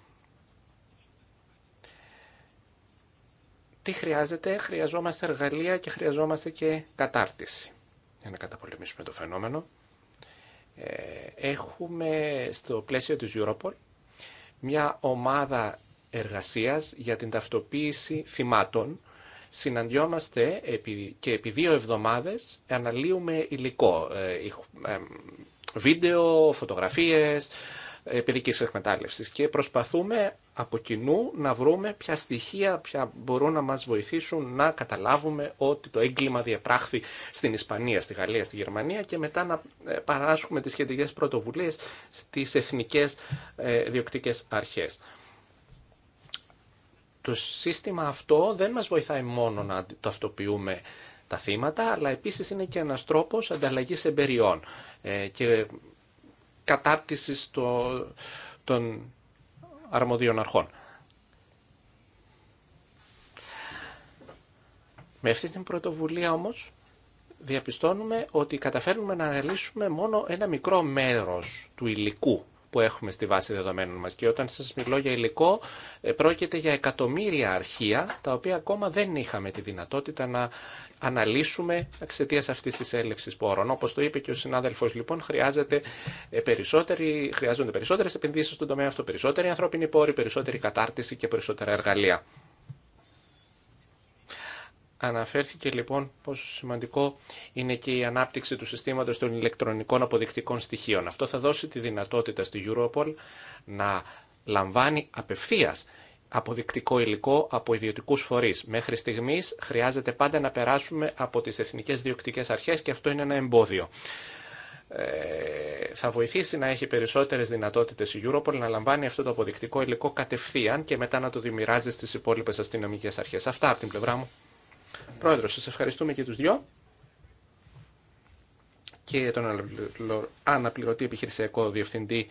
τι χρειάζεται, χρειαζόμαστε εργαλεία και χρειαζόμαστε και κατάρτιση για να καταπολεμήσουμε το φαινόμενο. Ε, έχουμε στο πλαίσιο της Europol μια ομάδα εργασίας για την ταυτοποίηση θυμάτων. Συναντιόμαστε και επί δύο εβδομάδες αναλύουμε υλικό, ε, ε, βίντεο, φωτογραφίες, παιδικής εκμετάλλευσης και προσπαθούμε από κοινού να βρούμε ποια στοιχεία ποια μπορούν να μας βοηθήσουν να καταλάβουμε ότι το έγκλημα διαπράχθη στην Ισπανία, στη Γαλλία, στη Γερμανία και μετά να ε, παράσχουμε τις σχετικές πρωτοβουλίες στις εθνικές ε, διοκτικές αρχές. Το σύστημα αυτό δεν μας βοηθάει μόνο να ταυτοποιούμε τα θύματα, αλλά επίσης είναι και ένας τρόπος ανταλλαγής εμπεριών. Ε, και κατάρτισης των αρμοδίων αρχών. Με αυτή την πρωτοβουλία όμως διαπιστώνουμε ότι καταφέρνουμε να αναλύσουμε μόνο ένα μικρό μέρος του υλικού που έχουμε στη βάση δεδομένων μας. Και όταν σας μιλώ για υλικό, ε, πρόκειται για εκατομμύρια αρχεία, τα οποία ακόμα δεν είχαμε τη δυνατότητα να αναλύσουμε εξαιτία αυτής της έλευσης πόρων. Όπως το είπε και ο συνάδελφος, λοιπόν, χρειάζεται ε, περισσότερη, χρειάζονται περισσότερες επενδύσεις στον τομέα αυτό, περισσότερη ανθρώπινη πόρη, περισσότερη κατάρτιση και περισσότερα εργαλεία. Αναφέρθηκε λοιπόν πόσο σημαντικό είναι και η ανάπτυξη του συστήματος των ηλεκτρονικών αποδεικτικών στοιχείων. Αυτό θα δώσει τη δυνατότητα στη Europol να λαμβάνει απευθείας αποδεικτικό υλικό από ιδιωτικού φορεί. Μέχρι στιγμή χρειάζεται πάντα να περάσουμε από τι εθνικέ διοκτικέ αρχέ και αυτό είναι ένα εμπόδιο. Ε, θα βοηθήσει να έχει περισσότερε δυνατότητε η Europol να λαμβάνει αυτό το αποδεικτικό υλικό κατευθείαν και μετά να το δημοιράζει στι υπόλοιπε αστυνομικέ αρχέ. Αυτά από την πλευρά μου. Πρόεδρο, σας ευχαριστούμε και τους δυο και τον αναπληρωτή επιχειρησιακό διευθυντή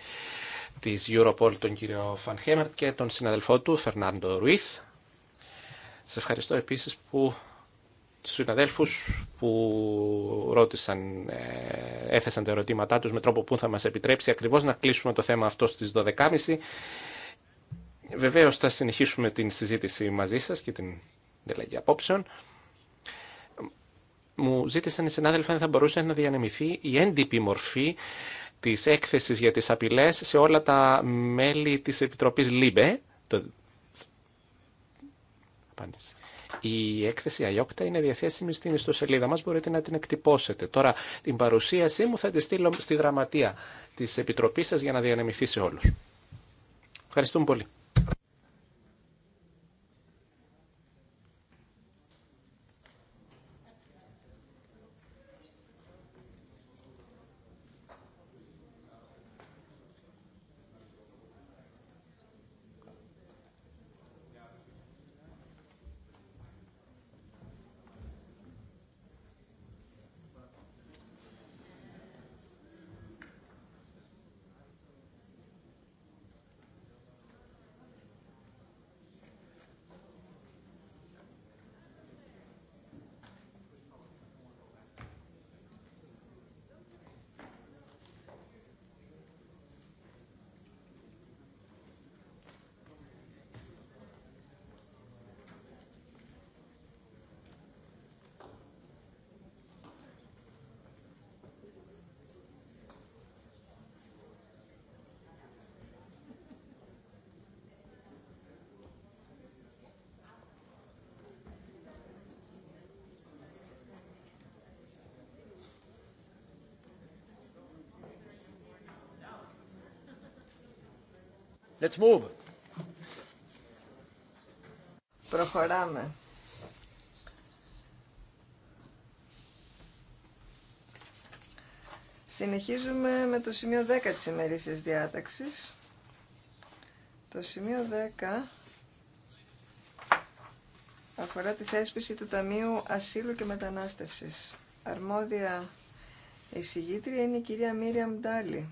της Europol, τον κύριο Φαν Χέμερτ και τον συναδελφό του, Φερνάντο Ρουίθ. Σας ευχαριστώ επίσης που τους συναδέλφους που ρώτησαν, ε, έθεσαν τα ερωτήματά τους με τρόπο που θα μας επιτρέψει ακριβώς να κλείσουμε το θέμα αυτό στις 12.30. Βεβαίως θα συνεχίσουμε την συζήτηση μαζί σας και την δηλαδή απόψεων μου ζήτησαν οι συνάδελφοι αν θα μπορούσε να διανεμηθεί η έντυπη μορφή της έκθεσης για τις απειλέ σε όλα τα μέλη της Επιτροπής ΛΥΜΠΕ. Το... Η έκθεση Αιόκτα είναι διαθέσιμη στην ιστοσελίδα μας, μπορείτε να την εκτυπώσετε. Τώρα την παρουσίασή μου θα τη στείλω στη γραμματεία της Επιτροπής σας για να διανεμηθεί σε όλους. Ευχαριστούμε πολύ. Προχωράμε. Συνεχίζουμε με το σημείο 10 της ημερήσιας διάταξης. Το σημείο 10 αφορά τη θέσπιση του Ταμείου Ασύλου και Μετανάστευσης. Αρμόδια εισηγήτρια είναι η κυρία Μίρια Μντάλη.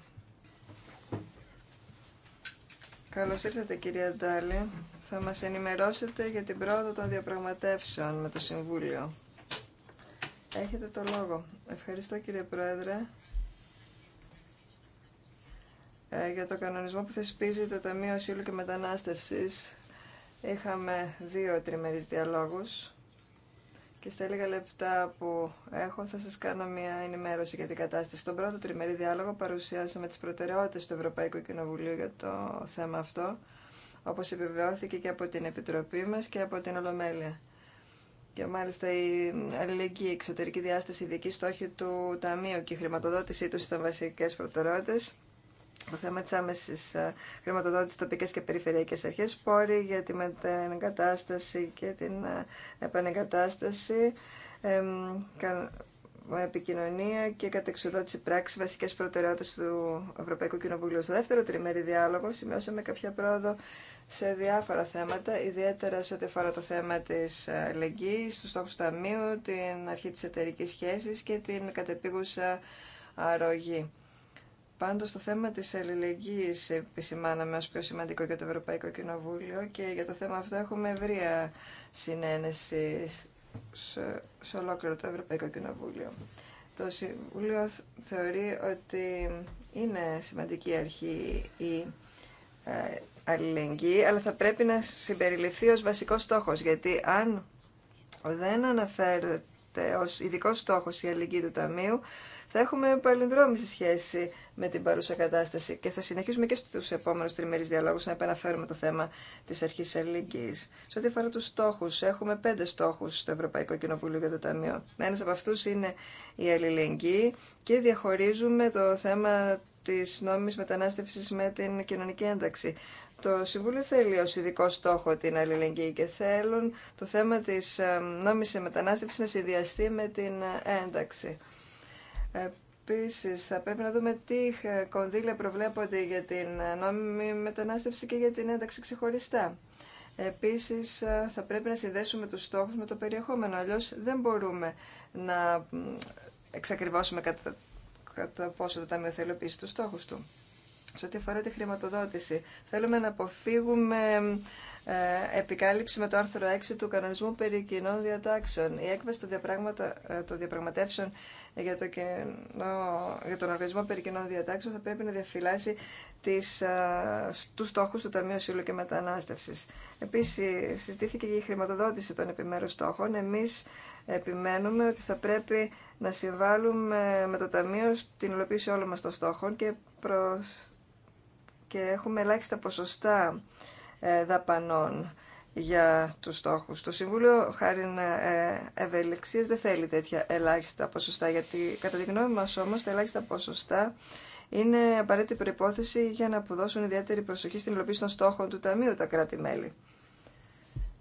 Καλώς ήρθατε κυρία Ντάλη. Θα μας ενημερώσετε για την πρόοδο των διαπραγματεύσεων με το Συμβούλιο. Έχετε το λόγο. Ευχαριστώ κύριε Πρόεδρε ε, για το κανονισμό που θεσπίζει το Ταμείο Ασύλου και Μετανάστευσης. Είχαμε δύο τριμερείς διαλόγους και στα λίγα λεπτά που έχω θα σας κάνω μια ενημέρωση για την κατάσταση. Στον πρώτο τριμερή διάλογο παρουσιάσαμε τις προτεραιότητες του Ευρωπαϊκού Κοινοβουλίου για το θέμα αυτό, όπως επιβεβαιώθηκε και από την Επιτροπή μας και από την Ολομέλεια. Και μάλιστα η αλληλεγγύη, εξωτερική διάσταση, η δική στόχη του Ταμείου και η χρηματοδότησή του ήταν βασικές προτεραιότητες το θέμα της άμεσης ε, χρηματοδότησης τοπικές και περιφερειακές αρχές, πόροι για τη μετεγκατάσταση και την ε, επανεγκατάσταση, ε, επικοινωνία και κατεξοδότηση πράξη, βασικές προτεραιότητες του Ευρωπαϊκού Κοινοβουλίου. Στο δεύτερο τριμέρι διάλογο σημειώσαμε κάποια πρόοδο σε διάφορα θέματα, ιδιαίτερα σε ό,τι αφορά το θέμα της αλληλεγγύης, του στόχου ταμείου, την αρχή της εταιρική σχέσης και την κατεπίγουσα αρρωγή. Πάντω το θέμα της αλληλεγγύης επισημάναμε ως πιο σημαντικό για το Ευρωπαϊκό Κοινοβούλιο και για το θέμα αυτό έχουμε ευρία συνένεση σε, σε ολόκληρο το Ευρωπαϊκό Κοινοβούλιο. Το Συμβούλιο θεωρεί ότι είναι σημαντική αρχή η ε, αλληλεγγύη, αλλά θα πρέπει να συμπεριληφθεί ως βασικός στόχος, γιατί αν δεν αναφέρεται ως ειδικό στόχος η αλληλεγγύη του Ταμείου, θα έχουμε παλινδρόμηση σχέση με την παρούσα κατάσταση και θα συνεχίσουμε και στου επόμενου τριμερεί διαλόγου να επαναφέρουμε το θέμα τη αρχή αλληλεγγύη. Σε ό,τι αφορά του στόχου, έχουμε πέντε στόχου στο Ευρωπαϊκό Κοινοβούλιο για το Ταμείο. Ένα από αυτού είναι η αλληλεγγύη και διαχωρίζουμε το θέμα τη νόμιμη μετανάστευση με την κοινωνική ένταξη. Το Συμβούλιο θέλει ω ειδικό στόχο την αλληλεγγύη και θέλουν το θέμα τη ε, νόμιμη μετανάστευση να συνδυαστεί με την ε, ένταξη. Επίσης, θα πρέπει να δούμε τι κονδύλια προβλέπονται για την νόμιμη μετανάστευση και για την ένταξη ξεχωριστά. Επίση, θα πρέπει να συνδέσουμε τους στόχους με το περιεχόμενο. αλλιώς δεν μπορούμε να εξακριβώσουμε κατά, κατά πόσο το Ταμείο θέλει τους στόχου του σε ό,τι αφορά τη χρηματοδότηση. Θέλουμε να αποφύγουμε ε, επικάλυψη με το άρθρο 6 του κανονισμού περί κοινών διατάξεων. Η έκβαση ε, των, διαπραγματεύσεων για, το κοινό, για τον οργανισμό περί κοινών διατάξεων θα πρέπει να διαφυλάσει τις, ε, τους στόχους του Ταμείου Σύλλου και Μετανάστευσης. Επίσης, συζητήθηκε και η χρηματοδότηση των επιμέρους στόχων. Εμείς επιμένουμε ότι θα πρέπει να συμβάλλουμε με το Ταμείο στην υλοποίηση όλων μας των στόχων και προς και έχουμε ελάχιστα ποσοστά ε, δαπανών για τους στόχους. Το Συμβούλιο χάρη ε, ευελιξίας δεν θέλει τέτοια ελάχιστα ποσοστά, γιατί κατά τη γνώμη μας όμως τα ελάχιστα ποσοστά είναι απαραίτητη προϋπόθεση για να αποδώσουν ιδιαίτερη προσοχή στην υλοποίηση των στόχων του Ταμείου τα κράτη-μέλη.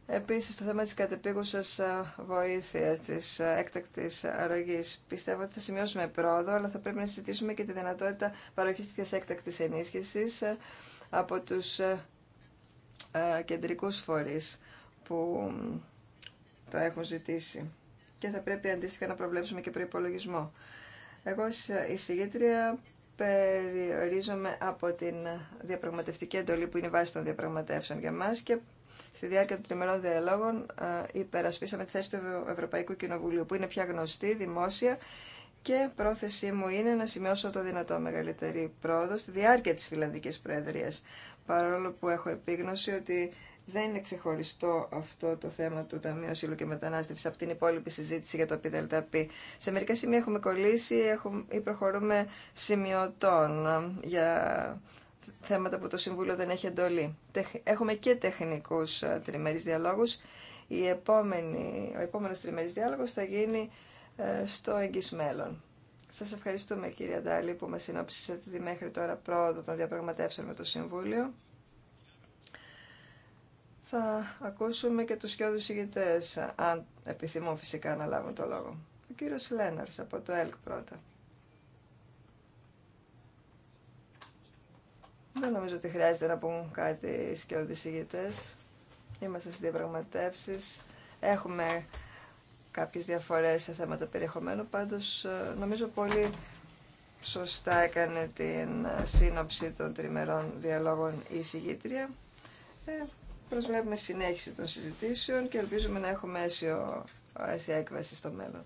Επίσης, το θέμα της κατεπίγουσας ε, βοήθειας, της ε, έκτακτης αρρωγής. Πιστεύω ότι θα σημειώσουμε πρόοδο, αλλά θα πρέπει να συζητήσουμε και τη δυνατότητα παροχής της έκτακτης ενίσχυσης ε, από τους κεντρικούς φορείς που το έχουν ζητήσει. Και θα πρέπει αντίστοιχα να προβλέψουμε και προϋπολογισμό. Εγώ η συγγήτρια περιορίζομαι από την διαπραγματευτική εντολή που είναι βάση των διαπραγματεύσεων για μας και Στη διάρκεια των τριμερών διαλόγων ε, υπερασπίσαμε τη θέση του Ευρωπαϊκού Κοινοβουλίου, που είναι πια γνωστή, δημόσια και πρόθεσή μου είναι να σημειώσω το δυνατό μεγαλύτερη πρόοδο στη διάρκεια της Φιλανδικής Προεδρίας, παρόλο που έχω επίγνωση ότι δεν είναι ξεχωριστό αυτό το θέμα του Ταμείου Ασύλου και Μετανάστευση από την υπόλοιπη συζήτηση για το ΠΔΕΛΤΑΠΗ. Σε μερικά σημεία έχουμε κολλήσει ή προχωρούμε σημειωτών ε, για θέματα που το Συμβούλιο δεν έχει εντολή. Έχουμε και τεχνικούς ε, τριμερείς διαλόγους. Η επόμενη, ο επόμενος τριμερής διάλογος θα γίνει ε, στο εγγύς μέλλον. Σας ευχαριστούμε κυρία Ντάλη που μας συνόψισατε τη μέχρι τώρα πρόοδο των διαπραγματεύσεων με το Συμβούλιο. Θα ακούσουμε και τους κοιόδους ηγητές, αν επιθυμούν φυσικά να λάβουν το λόγο. Ο κύριος Λέναρς από το ΕΛΚ πρώτα. Δεν νομίζω ότι χρειάζεται να πούμε κάτι οι ηγητές. Είμαστε στις διαπραγματεύσεις. Έχουμε κάποιες διαφορές σε θέματα περιεχομένου. Πάντως, ε, νομίζω πολύ σωστά έκανε την ε, σύνοψη των τριμερών διαλόγων η συγγήτρια. Ε, προσβλέπουμε συνέχιση των συζητήσεων και ελπίζουμε να έχουμε αίσιο, αίσια έκβαση στο μέλλον.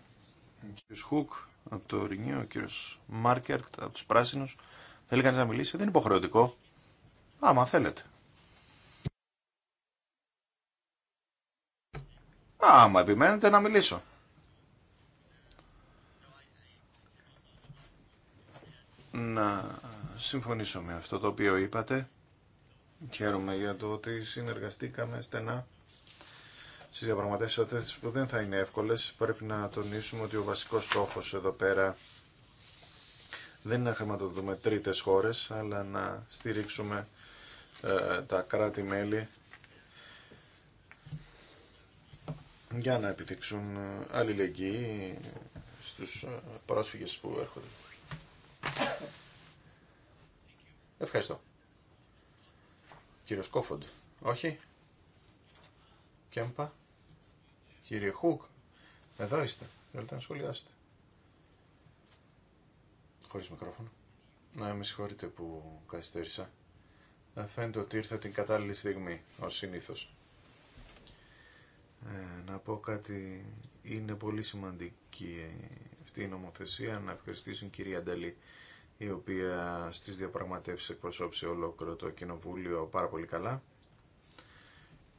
Ο κύριος Χουκ από το Ρινίο, ο κύριος Μάρκερτ από τους Πράσινους. Θέλει κανείς να μιλήσει, δεν είναι υποχρεωτικό. Άμα θέλετε. Άμα επιμένετε να μιλήσω. Να συμφωνήσω με αυτό το οποίο είπατε. Χαίρομαι για το ότι συνεργαστήκαμε στενά στις διαπραγματεύσεις αυτές που δεν θα είναι εύκολες. Πρέπει να τονίσουμε ότι ο βασικός στόχος εδώ πέρα δεν είναι να χρηματοδοτούμε τρίτες χώρες, αλλά να στηρίξουμε ε, τα κράτη-μέλη για να επιδείξουν αλληλεγγύη στους ε, πρόσφυγες που έρχονται. Ευχαριστώ. Κύριο Σκόφοντ. Όχι. Κέμπα. Κύριε Χουκ. Εδώ είστε. Θέλετε να σχολιάσετε. Χωρίς μικρόφωνο. Να με συγχωρείτε που καθυστέρησα φαίνεται ότι ήρθε την κατάλληλη στιγμή, ως συνήθως. Ε, να πω κάτι, είναι πολύ σημαντική αυτή η νομοθεσία, να ευχαριστήσουν κυρία Νταλή, η οποία στις διαπραγματεύσεις εκπροσώπησε ολόκληρο το Κοινοβούλιο πάρα πολύ καλά.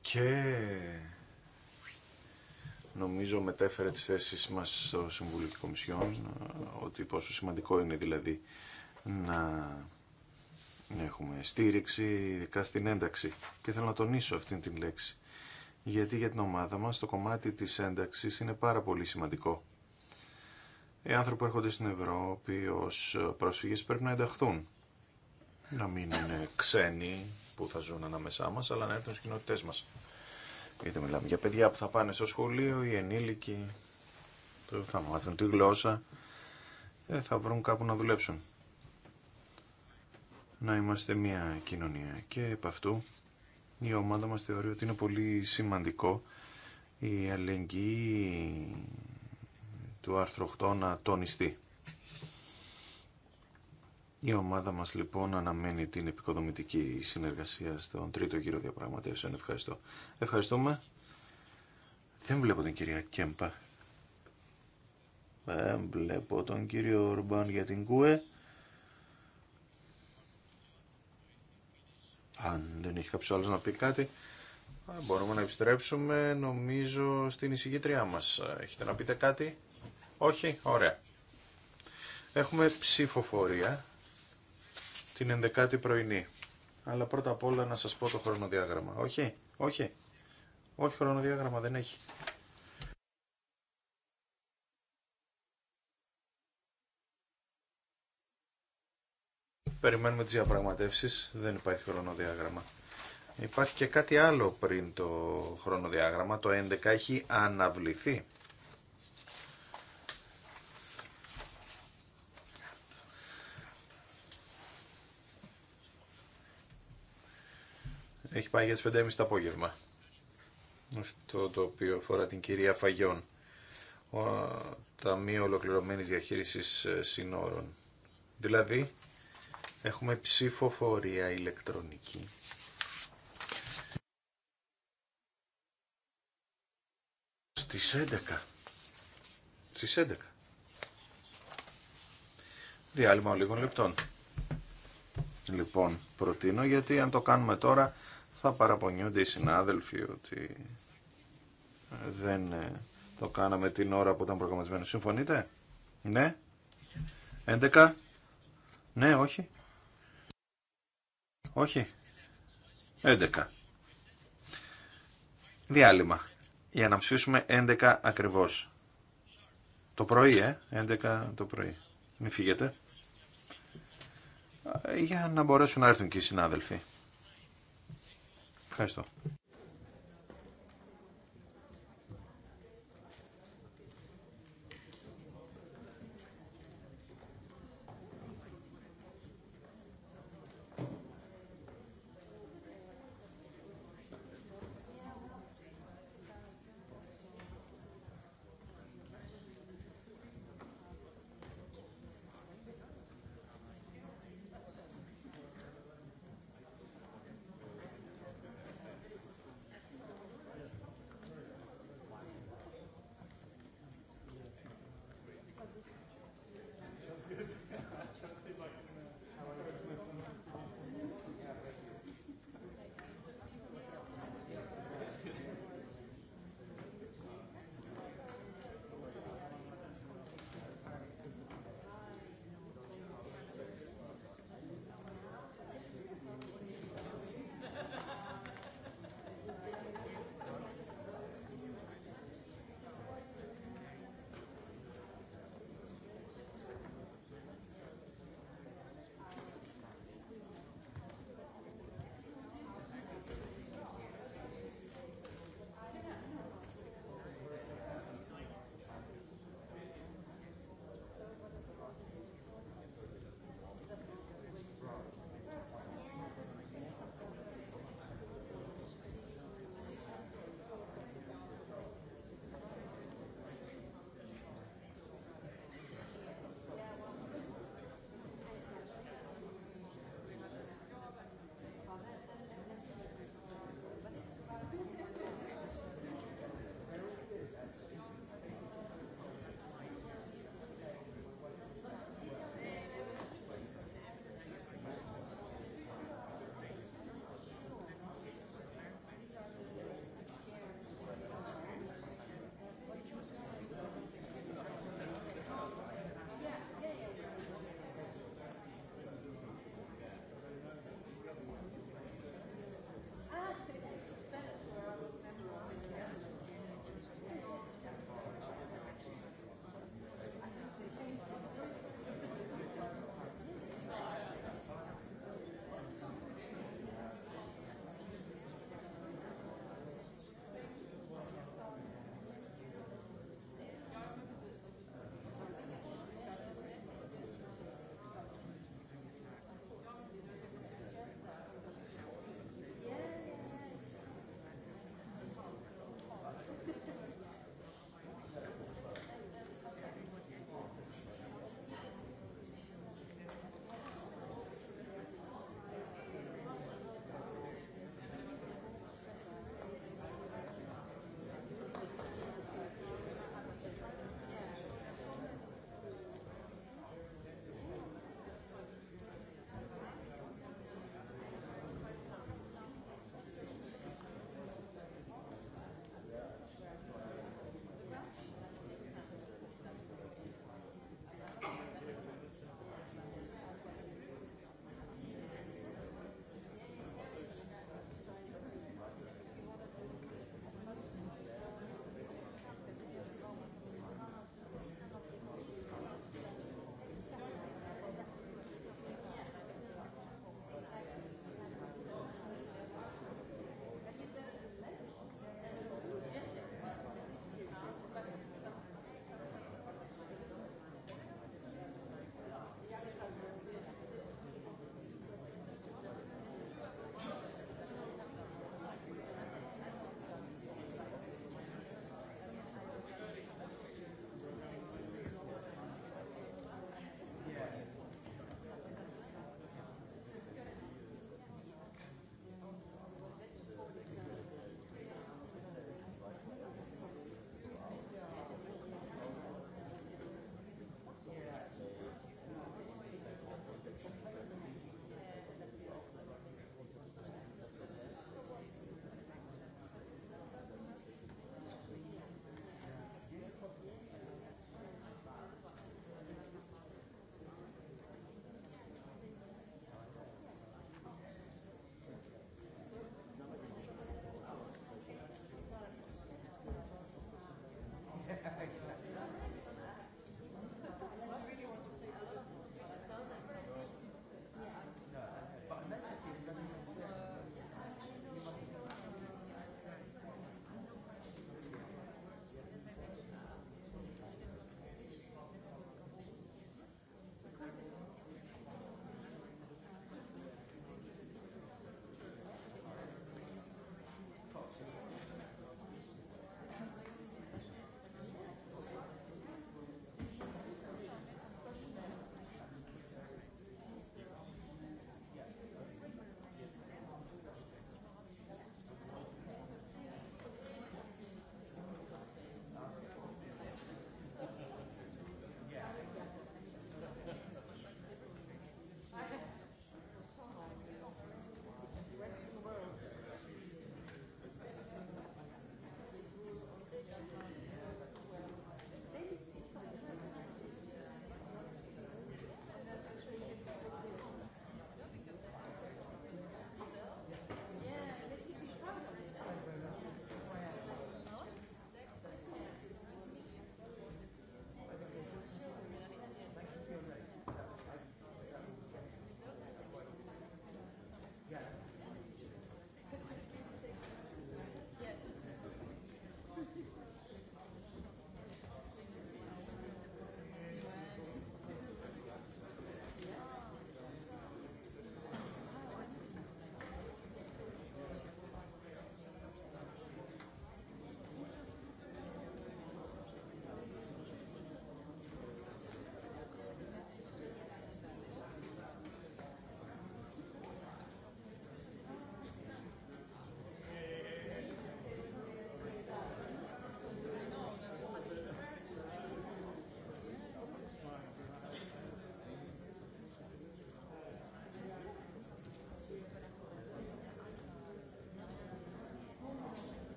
Και νομίζω μετέφερε τις θέσεις μας στο Συμβούλιο Κομισιόν, ε, ότι πόσο σημαντικό είναι δηλαδή να Έχουμε στήριξη ειδικά στην ένταξη και θέλω να τονίσω αυτήν την λέξη. Γιατί για την ομάδα μας το κομμάτι της ένταξης είναι πάρα πολύ σημαντικό. Οι άνθρωποι έρχονται στην Ευρώπη ως πρόσφυγες πρέπει να ενταχθούν. Να μην είναι ξένοι που θα ζουν ανάμεσά μας, αλλά να έρθουν στις κοινότητές μας. Γιατί μιλάμε για παιδιά που θα πάνε στο σχολείο, οι ενήλικοι, θα μάθουν τη γλώσσα, ε, θα βρουν κάπου να δουλέψουν να είμαστε μια κοινωνία. Και επ' αυτού η ομάδα μας θεωρεί ότι είναι πολύ σημαντικό η αλληλεγγύη του άρθρου 8 να τονιστεί. Η ομάδα μας λοιπόν αναμένει την επικοδομητική συνεργασία στον τρίτο γύρο διαπραγματεύσεων. Ευχαριστώ. Ευχαριστούμε. Δεν βλέπω την κυρία Κέμπα. Δεν βλέπω τον κύριο Ορμπάν για την ΚΟΕ. Αν δεν έχει κάποιο άλλο να πει κάτι, μπορούμε να επιστρέψουμε νομίζω στην εισηγήτριά μας. Έχετε να πείτε κάτι? Όχι? Ωραία. Έχουμε ψηφοφορία την 11η πρωινή. Αλλά πρώτα απ' όλα να σας πω το χρονοδιάγραμμα. Όχι, όχι, όχι χρονοδιάγραμμα δεν έχει. περιμένουμε τις διαπραγματεύσεις, δεν υπάρχει χρονοδιάγραμμα. Υπάρχει και κάτι άλλο πριν το χρονοδιάγραμμα, το 11 έχει αναβληθεί. Έχει πάει για τις 5.30 το απόγευμα. Αυτό το οποίο αφορά την κυρία Φαγιών. Ο Ταμείο Ολοκληρωμένης Διαχείρισης ε, Συνόρων. Δηλαδή, Έχουμε ψηφοφορία ηλεκτρονική. Στις 11. Στις 11. Διάλειμμα λίγων λεπτών. Λοιπόν, προτείνω γιατί αν το κάνουμε τώρα θα παραπονιούνται οι συνάδελφοι ότι δεν ε, το κάναμε την ώρα που ήταν προγραμματισμένο. Συμφωνείτε? Ναι. 11. Ναι, όχι. Όχι. 11. Διάλειμμα. Για να ψηφίσουμε 11 ακριβώς. Το πρωί, ε. 11 το πρωί. Μην φύγετε. Για να μπορέσουν να έρθουν και οι συνάδελφοι. Ευχαριστώ.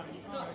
Αναλυτόρα.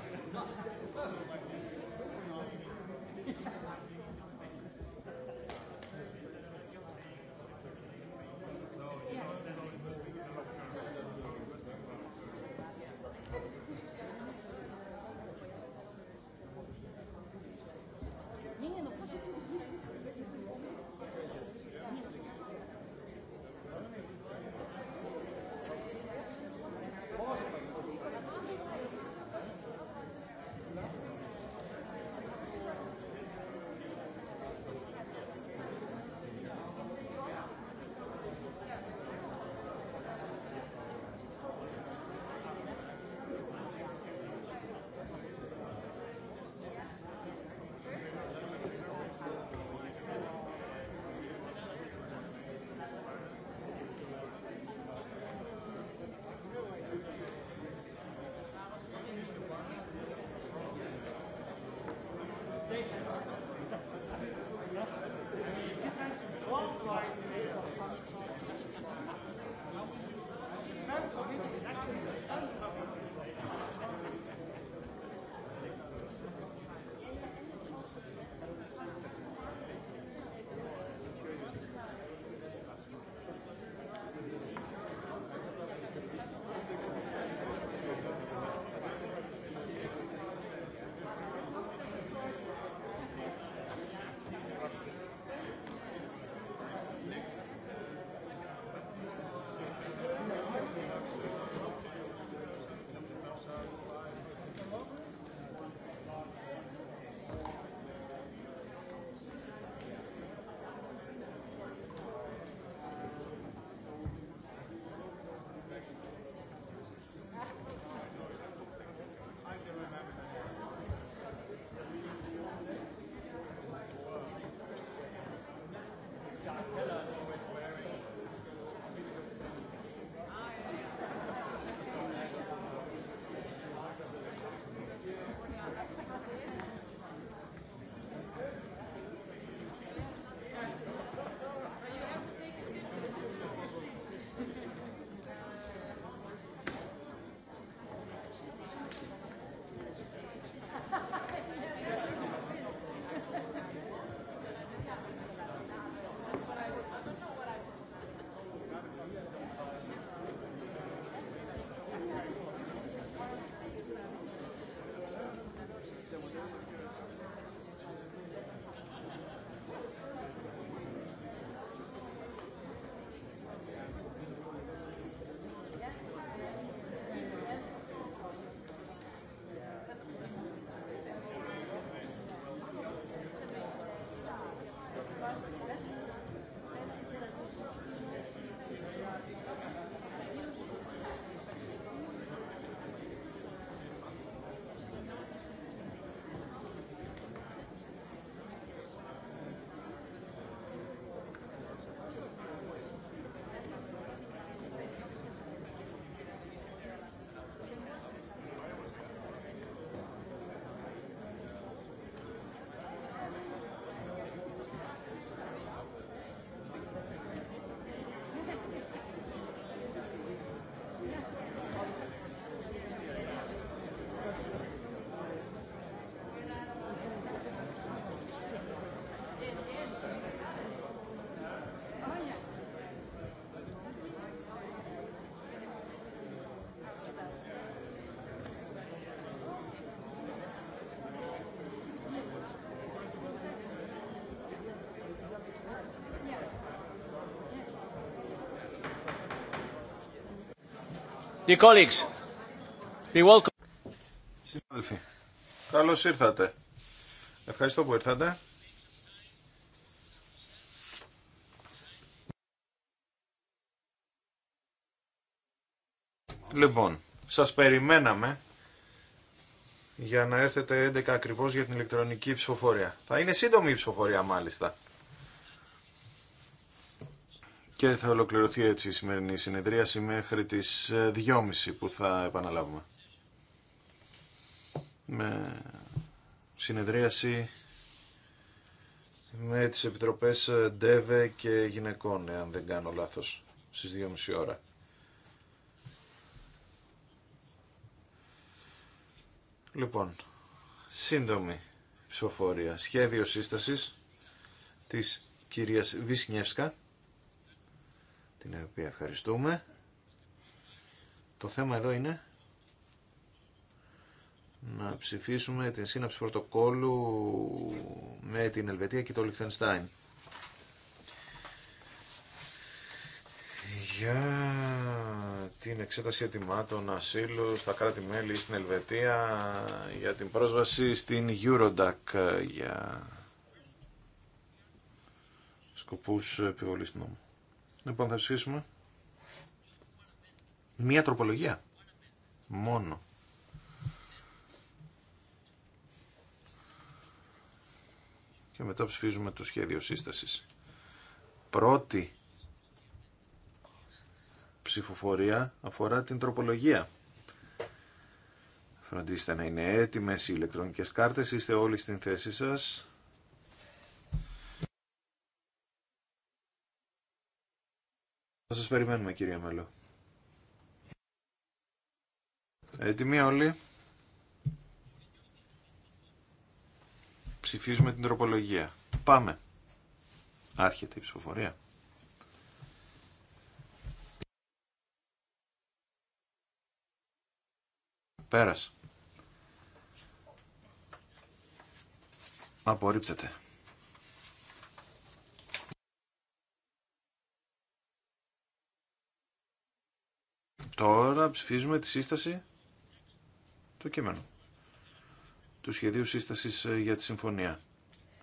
colleagues, Συνάδελφοι, καλώς ήρθατε. Ευχαριστώ που ήρθατε. Λοιπόν, σας περιμέναμε για να έρθετε 11 ακριβώς για την ηλεκτρονική ψηφοφορία. Θα είναι σύντομη η ψηφοφορία μάλιστα και θα ολοκληρωθεί έτσι η σημερινή συνεδρίαση μέχρι τις 2.30 ε, που θα επαναλάβουμε. Με συνεδρίαση με τις επιτροπές ΝΤΕΒΕ ε, και γυναικών, αν δεν κάνω λάθος, στις 2.30 ώρα. Λοιπόν, σύντομη ψηφοφορία. Σχέδιο σύστασης της κυρίας Βυσνιεύσκα την οποία ευχαριστούμε. Το θέμα εδώ είναι να ψηφίσουμε την σύναψη πρωτοκόλλου με την Ελβετία και το Λιχτενστάιν. Για την εξέταση ετοιμάτων ασύλου στα κράτη-μέλη στην Ελβετία, για την πρόσβαση στην Eurodac, για σκοπούς επιβολής νόμου. Λοιπόν, θα ψηφίσουμε. Μία τροπολογία. Μόνο. Και μετά ψηφίζουμε το σχέδιο σύστασης. Πρώτη ψηφοφορία αφορά την τροπολογία. Φροντίστε να είναι έτοιμες οι ηλεκτρονικές κάρτες, είστε όλοι στην θέση σας. Θα σας περιμένουμε κυρία Μελό. Έτοιμοι όλοι. Ψηφίζουμε την τροπολογία. Πάμε. Άρχεται η ψηφοφορία. Πέρασε. Απορρίπτεται. Τώρα ψηφίζουμε τη σύσταση, του κείμενο, του σχεδίου σύστασης ε, για τη συμφωνία.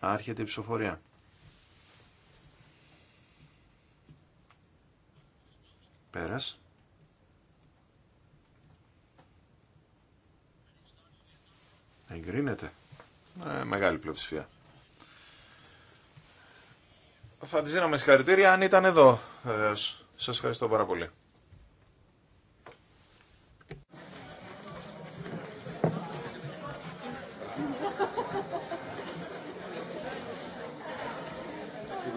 Άρχεται η ψηφοφορία. Πέρας. Εγκρίνεται. Ε, μεγάλη πλειοψηφία. Θα τη δίναμε συγχαρητήρια αν ήταν εδώ. Ε, σας ευχαριστώ πάρα πολύ.